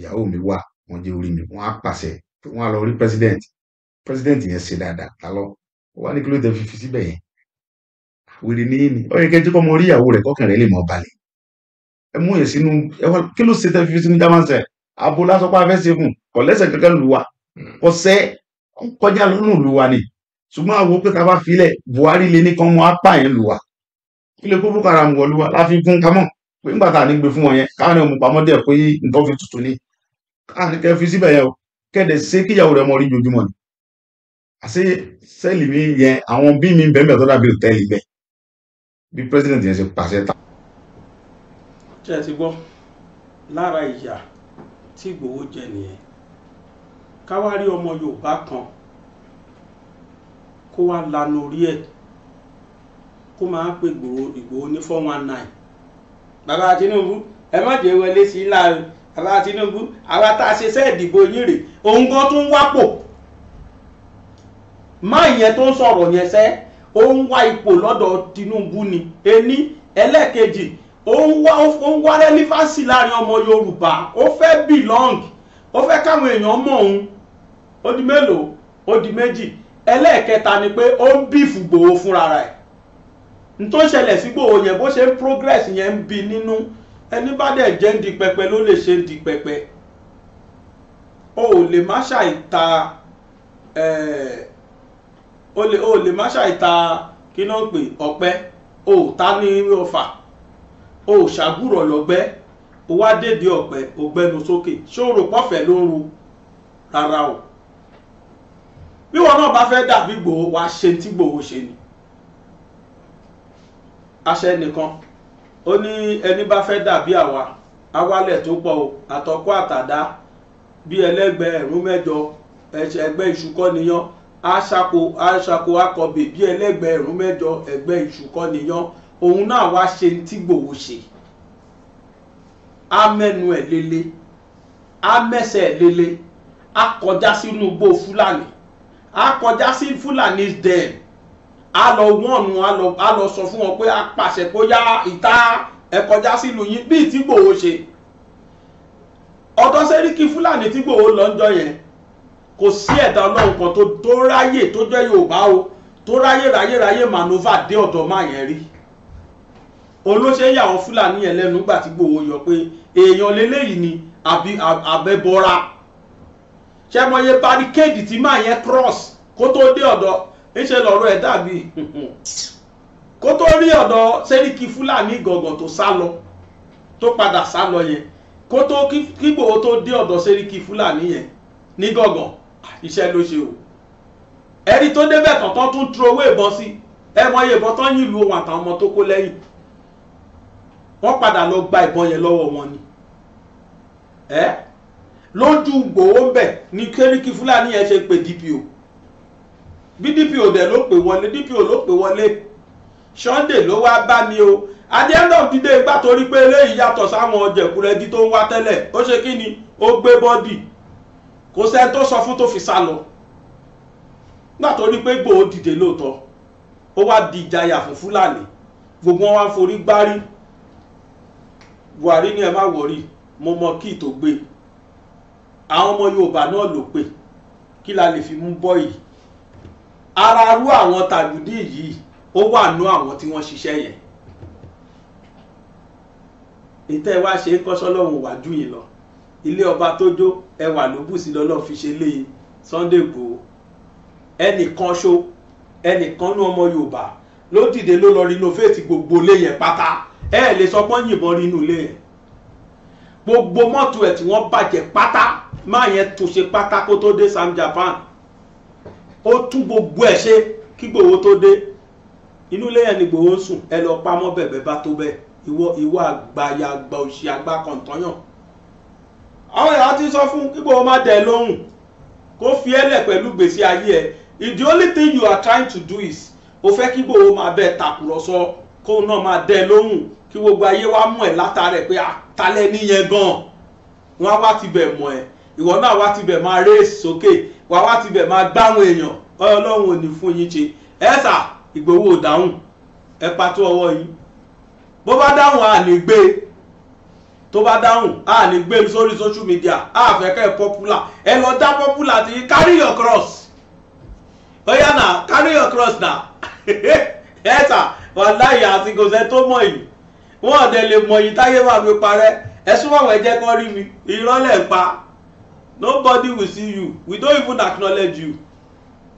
ìyàwó mi wà wọ́n jẹ́ orí mi wọ́n á pàṣẹ wọ́n á lọ rí president president yẹn ṣe dáadáa ta lọ wọ́n á ní kí ló dé fífi síbẹ̀ yẹn wèrè ní ní ó yẹ kẹ́ ẹ jẹ́ kọ́ ọmọ orí ìyàwó rẹ̀ kọ́kàn rẹ̀ lè mọ̀ balẹ̀ ẹ mú yẹn sínú ẹ wá kí ló ṣe tẹ́ fífi sínú german cell abo lásán pa afẹ́ ṣe fún kò lẹ́sẹ̀ kankan lù wá hmm. kò sẹ́ kọjá lọ́nà lù wá ni ṣùgbọ́n àwọn pé ká bá Buhari lé ní kan mọ́ apá yẹn lù wá kí lè kó Boko Haram lù wá láfi fún kamọ́ nígbà tá à ní gbé fún wọn yẹn káwọn ọmọ pamọ́ díẹ̀ pé nǹkan fi tutù ni káwọn kẹ fi síbẹ̀ yẹn o kẹ́dẹ̀ ṣe kíyàwó rẹ̀ mọ rí jojúmọ́ ni àṣé sẹ́ẹ̀lì mi yẹn àwọn bí mi bẹ́ẹ̀ tó dàbí òtẹ́ẹ̀lì bẹ́ẹ̀ bí president yẹn ṣe pàṣẹ ta. ṣé ẹ ti gbọ́ lára ìyà tí Ìgbòho jẹ nìyẹn káwárí ọmọ Yorùbá kan kó wá lanu orí ẹ̀ kó máa pe Ìgbòho Ìgbòho ní four one nine bàbá Tinubu ẹ má jẹ́ wọlé sí i láàrin bàbá Tinubu àwa tá a ṣe sẹ́ ìdìbò yín rè òun gan tún wápò má yẹn tó ń sọ̀rọ̀ yẹn sẹ́ ó ń wá ipò lọ́dọ̀ Tinubu ni ení ẹlẹ́ẹ̀kejì ó ń wá ó ń wá rẹ́lífàsì láàrin ọmọ Yorùbá ó fẹ́ belong ó fẹ́ káwọn èèyàn mọ̀ òun ó di mélòó ó di méjì ẹlẹ́ẹ̀kẹta ni pé ó ń bífù gbòó fúnra rẹ̀ n tó ṣẹlẹ̀ sí Ìgbòho yẹn bó ṣe ń progress yẹn ń bi nínú ẹni bá dẹ̀ jẹ́ ń di pẹpẹ ló lè ṣe ń di pẹpẹ o ò lè má ṣàìta o lè o lè má ṣàìta kí ló ń pè ọ̀pẹ o ò ta ní ọfà o ò ṣàgùrọ̀ lọ́gbẹ́ o wá dédé ọ̀pẹ o gbẹnu sókè ṣé o rò pọ̀fẹ́ ló ń ru rárá o bí wọn náà bá fẹ́ dàbí Ìgbòho wàá ṣe tí Ìgbòho ṣe ni aṣẹ nìkan ó ní ẹni bá fẹ́ dàbí àwa awálẹ̀ tó pọ̀ o àtọkọ́ àtàdá bí ẹlẹ́gbẹ́ ẹ̀rún mẹ́jọ ẹgbẹ́ iṣu kọ́ niyán aṣako aṣako akọbè bí ẹlẹ́gbẹ́ ẹ̀rún mẹ́jọ ẹgbẹ́ iṣu kọ́ niyán òun náà wá ṣe tí Ìgbòho ṣe á ẹ̀ lélé á ẹ̀ lélé á sínú igbó Fúlàní á sí Fúlàní dẹ́ẹ̀ a lọ wọ́ọ̀nù a lọ sọ fún wọn pé a pàṣẹ kó yá ìta ẹ kọjá sílùú yín bíi tí gbòho ṣe ọ̀dọ̀ sẹ́ríkì fúlàní tí gbòho lọ́njọ́ yẹn kò sí ẹ̀dá ọlọ́run kan tó ráyè tó jẹ́ yorùbá o tó ráyè ráyè ráyè manova dé ọ̀dọ̀ máa yẹn rí olóṣèyà àwọn fúlàní yẹn lẹ́nu gbà tí gbòho yọ pé èèyàn lélẹ́yìí ni àbí abẹ́bọra ṣẹ́mọye barricade tí máa yẹn cross kó tó dé ọ̀dọ̀ níṣẹ́ lọ́rọ̀ ẹ̀ dàbí kó tó rí ọ̀dọ̀ sẹ́ríkì fúlàní gọ̀gàn tó sá lọ tó padà sá lọ yẹn kó tó kígbò tó dé ọ̀dọ̀ sẹ́ríkì fúlàní yẹn ní gọ̀gàn iṣẹ́ ló ṣe o ẹni tó débẹ̀ tọ̀tọ̀ tún trowó ìbọn sí ẹ mọye ìbọn tán yìí lu ohun àtàwọn ọmọ tó kó lẹ́yìn wọ́n padà lọ gba ìbọn yẹn lọ́wọ́ wọn ni ẹ lójú gbòó ń bẹ̀ ni sẹ́ríkì fúlàní yẹn ṣe pè DPO bí DPO dẹ̀ ló pè wọlé DPO ló pè wọlé Sunday ló wá bá mi o àjẹ́ńdà òdìdé igbá torí pé eléyìí yàtọ̀ sáwọn ọ̀jẹ̀kúrẹ́dì tó ń wá tẹ́lẹ̀ ó ṣe kí ni ó gbé bọ́dì kò sẹ́ni tó sọ fún tó fi sá lọ nígbà tó pé Ìgbòho dìde lóòótọ́ ó wá di ìjayà fún Fúlàní gbogbo wọn wá forí gbárí Buhari ní ẹ má wọrí mo mọ kí tó gbé àwọn ọmọ Yorùbá náà ló pè kí la lè fi mú bọ́ yìí ara rú àwọn tàlùdí yìí ó wà nú àwọn tí wọ́n ṣiṣẹ́ yẹn ìtẹ́ wá ṣe é kọ́ṣọ́ lọ́hùn wájú yìí lọ ilé ọba tó jó ẹwà ló bù sí lọ́lọ́ fi ṣe lé Sunday Igboho ẹnìkan ṣo ẹnìkan nú ọmọ Yorùbá ló dìde ló lọ rinovate gbogbo ilé yẹn pátá ẹ ẹ lè sọ pé yìnbọn rínú ilé yẹn gbogbo mọ́tò ẹ̀ tí wọ́n bàjẹ́ pátá máa yẹn tún ṣe pátá kó tó dé Sam Japan ó tú gbogbo ẹ̀ ṣe kí Ìgbòho tó dé inú ilé yẹn ni Ìgbòho ń sùn ẹ lọ pamọ́ bẹ̀bẹ̀ bá tó bẹ́ẹ̀ ìwọ ìwọ àgbàyà àgbà òṣì àgbà kọ̀ǹtọ́yàn àwọn ìyá ti sọ fún kí Ìgbòho má dẹ̀ lóhùn kó fi ẹ́ lẹ̀ pẹ̀lú gbèsè ayé ẹ̀ the only thing you are trying to do is o fẹ́ kí Ìgbòho máa bẹ́ẹ̀ tàkùrọ̀sọ kó náà máa dẹ̀ lóhùn kí gbogbo ayé wá mọ̀ ẹ́ látara ẹ̀ pé àtàlẹ́ níyẹn gan-an wọ́n á wá ti bẹ̀ mọ̀ ẹ́ ìwọ náà wá tibẹ̀ máa réèsì sókè wá wá tibẹ̀ máa gbáwọn èèyàn ọlọ́run ò ní fún yín ṣe ẹ sà Ìgbòho ò dáhùn ẹ patú ọwọ́ yín bó bá dáhùn à ní gbé tó bá dáhùn à ní gbé sórí social media à fẹ́ kẹ́ ẹ popular ẹ lọ dá popular ti carry your cross oya na carry your cross na ẹ sà wàláyé àti gòsẹ tó mọ̀ yìí wọn ò dẹ̀ lè mọ̀ yìí táyé wà mí parẹ́ ẹ súnmọ́ àwọn ẹ̀jẹ̀ kan rí mi irọ́ lẹ̀ pa nobody will see you we don't even acknowledge you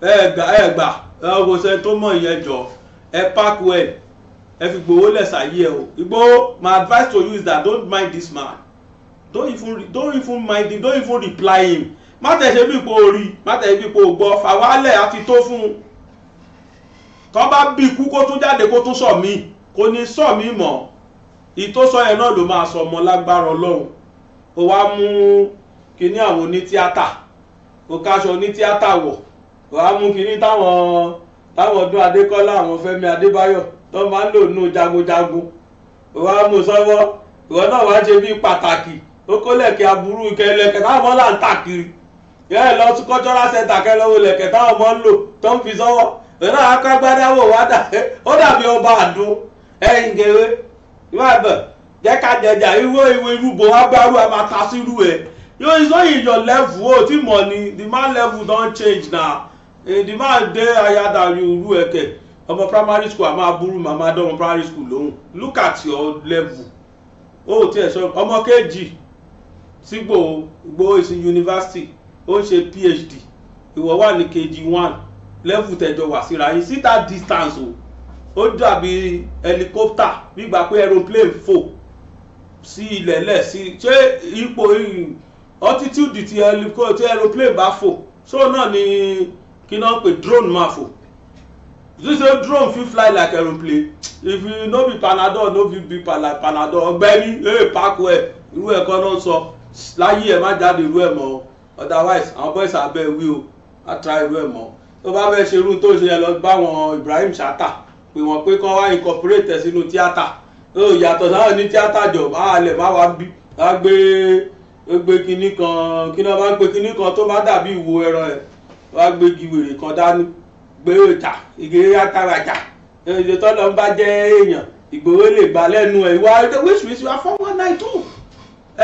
ẹ gbà ẹ gbà ẹ kò sẹ tó mọ ìyẹn jọ ẹ park well ẹ fi gbowó lẹ́sà yí ẹ o Igboho my advice to you is that don't mind this man don't even don't even mind him don't even reply him má tẹ̀ ṣe bí ipò orí má tẹ̀ ṣe bí ipò gbọ́ fàwálẹ̀ àti tó fún un tó bá bí ikú kó tún jáde kó tún sọ mí kò ní sọ mí mọ́ ìtòsọ yẹn náà ló máa sọ ọmọ lágbára Ọlọ́run ó wá mú kíní àwọn onítíátà kò káṣọ onítíátà wọ̀ kò á mú kíní táwọn táwọn ọdún adékọ́lá àwọn fẹ́mi adébáyọ̀ tó máa ń lò nù jagunjagun kò á mú sọ́wọ́ ìwọ náà wá ṣe bí pàtàkì ó kó lẹ̀kẹ́ aburú ìkẹlẹ̀kẹ́ táwọn ọmọ là ń tàkiri yẹ ẹ lọ sí cultural center kẹlẹ́wò lẹ̀kẹ́ táwọn ọmọ ń lò tó ń fi sọ́wọ́ ìwọ náà akágbádáwò wá dà ó dàbí ọba àdó ẹ̀yìn gẹ̀wé ìwọ àbẹ̀ jẹ́ ká jẹjà ìwé ìwé irúgbó wá gbárù sírú ẹ̀ you it's not in your level o ti mọ ni the man level don change na eh, the man dey higher than you ru ẹkẹ ọmọ primary school àmà burú màmá dọ́mọ primary school lòun look at your level o ti ẹ̀ sọ ọmọ kejì sígbò gbowó ìsìn yunifásitì ó ń ṣe phd ìwọ wà ní kejì one level tẹjọ wà síra yìí síta distance o ó dàbí helicopter gbígbà pé aeroplane fò sí ilẹ̀ lẹ̀ sí ṣé ipò altitude ti helicopter ti aeroplane bá fò so náà ni kí náà pè drone máa fò you say drone fit fly like aeroplane if you no be panadol no fit be panadol ọ̀gbẹ́ni ee eh, paako ẹ irú ẹ kọ́ náà sọ láyé ẹ má jáde irú ẹ mọ́ otherwise àwọn boys abẹ wí o á try irú ẹ mọ́ tó bá fẹ́ ṣerú tó ṣe ẹ lọ bá wọn Ibrahim Chata pè wọ́n pé kọ́ wá incorporate sínú tíátà ó yàtọ̀ sáwọn ní tíátà jọ̀ bá a lè má wá gbé gbé kinní kan kí náà bá gbé kinní kan tó bá dàbí ìwo ẹran ẹ̀ wá gbé giwèrè kan dání gbé ìta ìgbéré àtàràjà èdè tọ́lọ́ ń bá jẹ́ èèyàn Ìgbòho lè gbà lẹ́nu ẹ̀ wá wíṣíwíṣí wá fọ́ one nine two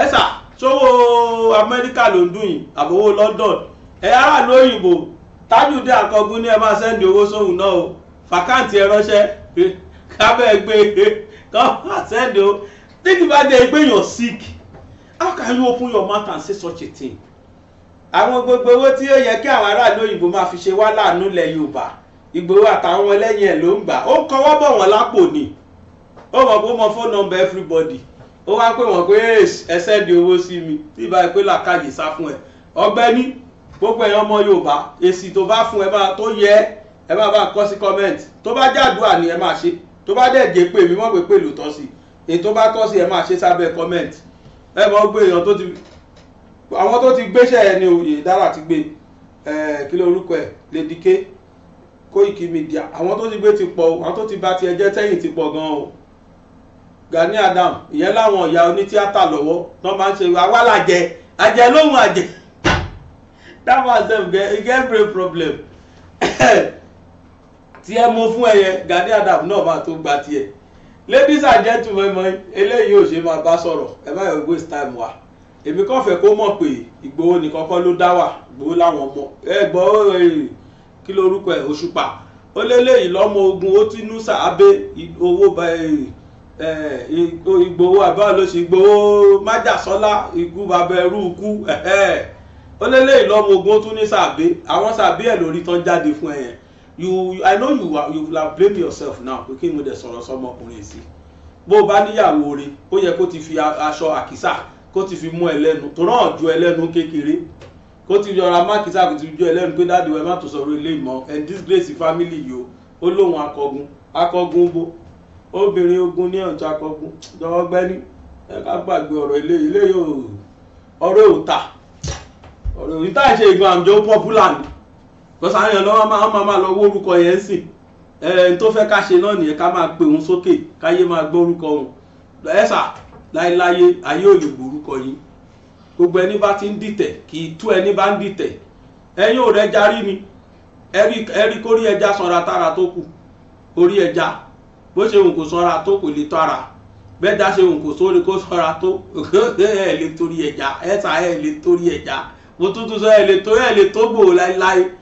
ẹ sà sówó ló ń dùn yìí àbówó London ẹ aráàlú òyìnbó Tajudeen Akọgun ní ẹ máa sẹ́ndì owó sóhun náà o fàkáǹtì ẹ ránṣẹ́ kábẹ́ gbé kọ́ àṣẹ́ndì o tí bá dé gbéyàn sick how can you open your mouth and say such a thing àwọn gbogbo owó tí ó yẹ kí àwọn aráàlú òyìnbó máa fi ṣe wá láàánú ilẹ̀ yorùbá ìgbòho àtàwọn ọmọlẹ́yìn ẹ̀ ló ń gbà ó ń kọwọ́ bọ̀ wọ́n lápò ni ó mọ̀ pé ó mọ phone number everybody ó wá pè wọ́n pé ẹsẹ̀ di owó sí mi tí ìbá pé làkàyè sá fún ẹ ọ̀gbẹ́ni gbogbo ẹ̀yàn ọmọ yorùbá èsì tó bá fún ẹ máa tó yẹ ẹ máa bá kọ sí comment tó bá jàdúrà ni ẹ máa ṣe tó bá dẹ̀ jẹ́ pé mi mọ̀ pé pèlú tọ́ sí èyí tó bá tọ́ sí ẹ máa ṣe sábẹ́ comment ẹ mọ̀ gbé èèyàn tó ti àwọn tó ti gbéṣẹ́ ẹ ní oyè dára ti gbé kí ló orúkọ ẹ Lady K Koiki Media àwọn tó ti gbé ti pọ̀ àwọn tó ti bà tiẹ̀ jẹ́ tẹ́yìn ti pọ̀ gan o Gani Adam ìyẹn láwọn ìyá onítíátà lọ́wọ́ náà máa ń ṣe àwa làjẹ àjẹ lóhùn àjẹ that was them get get brain problem tí ẹ mọ fún ẹyẹ Gani Adam náà máa tó gba tiẹ̀ ladies and gentlemen eléyìí ò ṣe máa bá sọ̀rọ̀ ẹ má yọ waste time wa èmi kàn fẹ́ kó mọ̀ pé ìgbòho nìkan kọ́ ló dá wà gbòho láwọn ọmọ ẹ gbọ́ kí lorúkọ ẹ̀ òṣùpá ó léléyìí lọ́mọ ogun ó ti nú sàábé owó ìgbòho àbáwọ̀ ló ṣe ìgbòho májàsọ́lá ikú bàbá ẹrú ikú ó léléyìí lọ́mọ ogun ó tún ní sàábé àwọn sàábé ẹ̀ lórí tán jáde fún ẹ yẹn you, you i know you are you la blame yourself now pé kí mo dẹ̀ sọ̀rọ̀ sọmọkùnrin sí bó o bá níyàwó rẹ ó yẹ kó ti fi aṣọ àkísà kó ti fi mú ẹ lẹ́nu tó náà ju ẹ lẹ́nu kékeré kó ti yọra má àkísà kó ti ju ẹ lẹ́nu pé dáàdi wẹ́ẹ́ má tó sọ̀rọ̀ ilé ìmọ̀ ẹ̀ disgrace family yìí o ó lóun akọgun akọgun bo obìnrin ogun ní ọ̀jọ̀ akọgun ọgbẹ́ni ẹ ká gbàgbé ọ̀rọ̀ ilé ilé yóò ọ̀rọ̀ òòtà ọ̀rọ̀ òòtà ṣe ìgbọ̀n àmjọ́ popular ni because àwọn èèyàn lọ́wọ́ máa máa lọ wó orúkọ yẹn sìn ẹni tó fẹ́ ká ṣe náà nìyẹn ká máa pe òun sókè káyé máa gbọ́ orúkọ òun ẹ̀sà láéláyé ayé ò lè gbogbo ẹni bá ti ń dìtẹ̀ kì í tú ẹni bá ń dìtẹ̀ ẹ̀yin ò rẹ̀ ni ẹ̀rí ẹja sanra tára tó kù orí ẹja bó ṣe òun kò sanra tó kò lè tara bẹ́ẹ̀ dá ṣe òun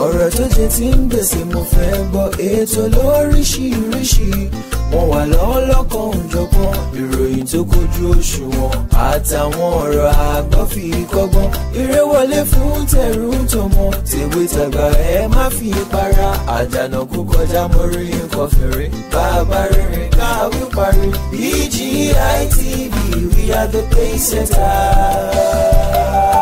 ọ̀rọ̀ tó jẹ ti ń gbèsè mo fẹ́ gbọ́ ètò lóríṣiríṣi wọ́n wà lọ́wọ́ lọ́kàn òjọ̀kan ìròyìn tó kojú òṣùwọ̀n àtàwọn ọ̀rọ̀ àgbọ́ fi kọ́gbọ́n eré wọlé fún tẹ̀rù tọmọ tèwe tàgbà ẹ má fi para àdànà kú kọjá mọ́rí nǹkan fèrè bàbá rìnrìn káwí parí BGI TV we are the pace setters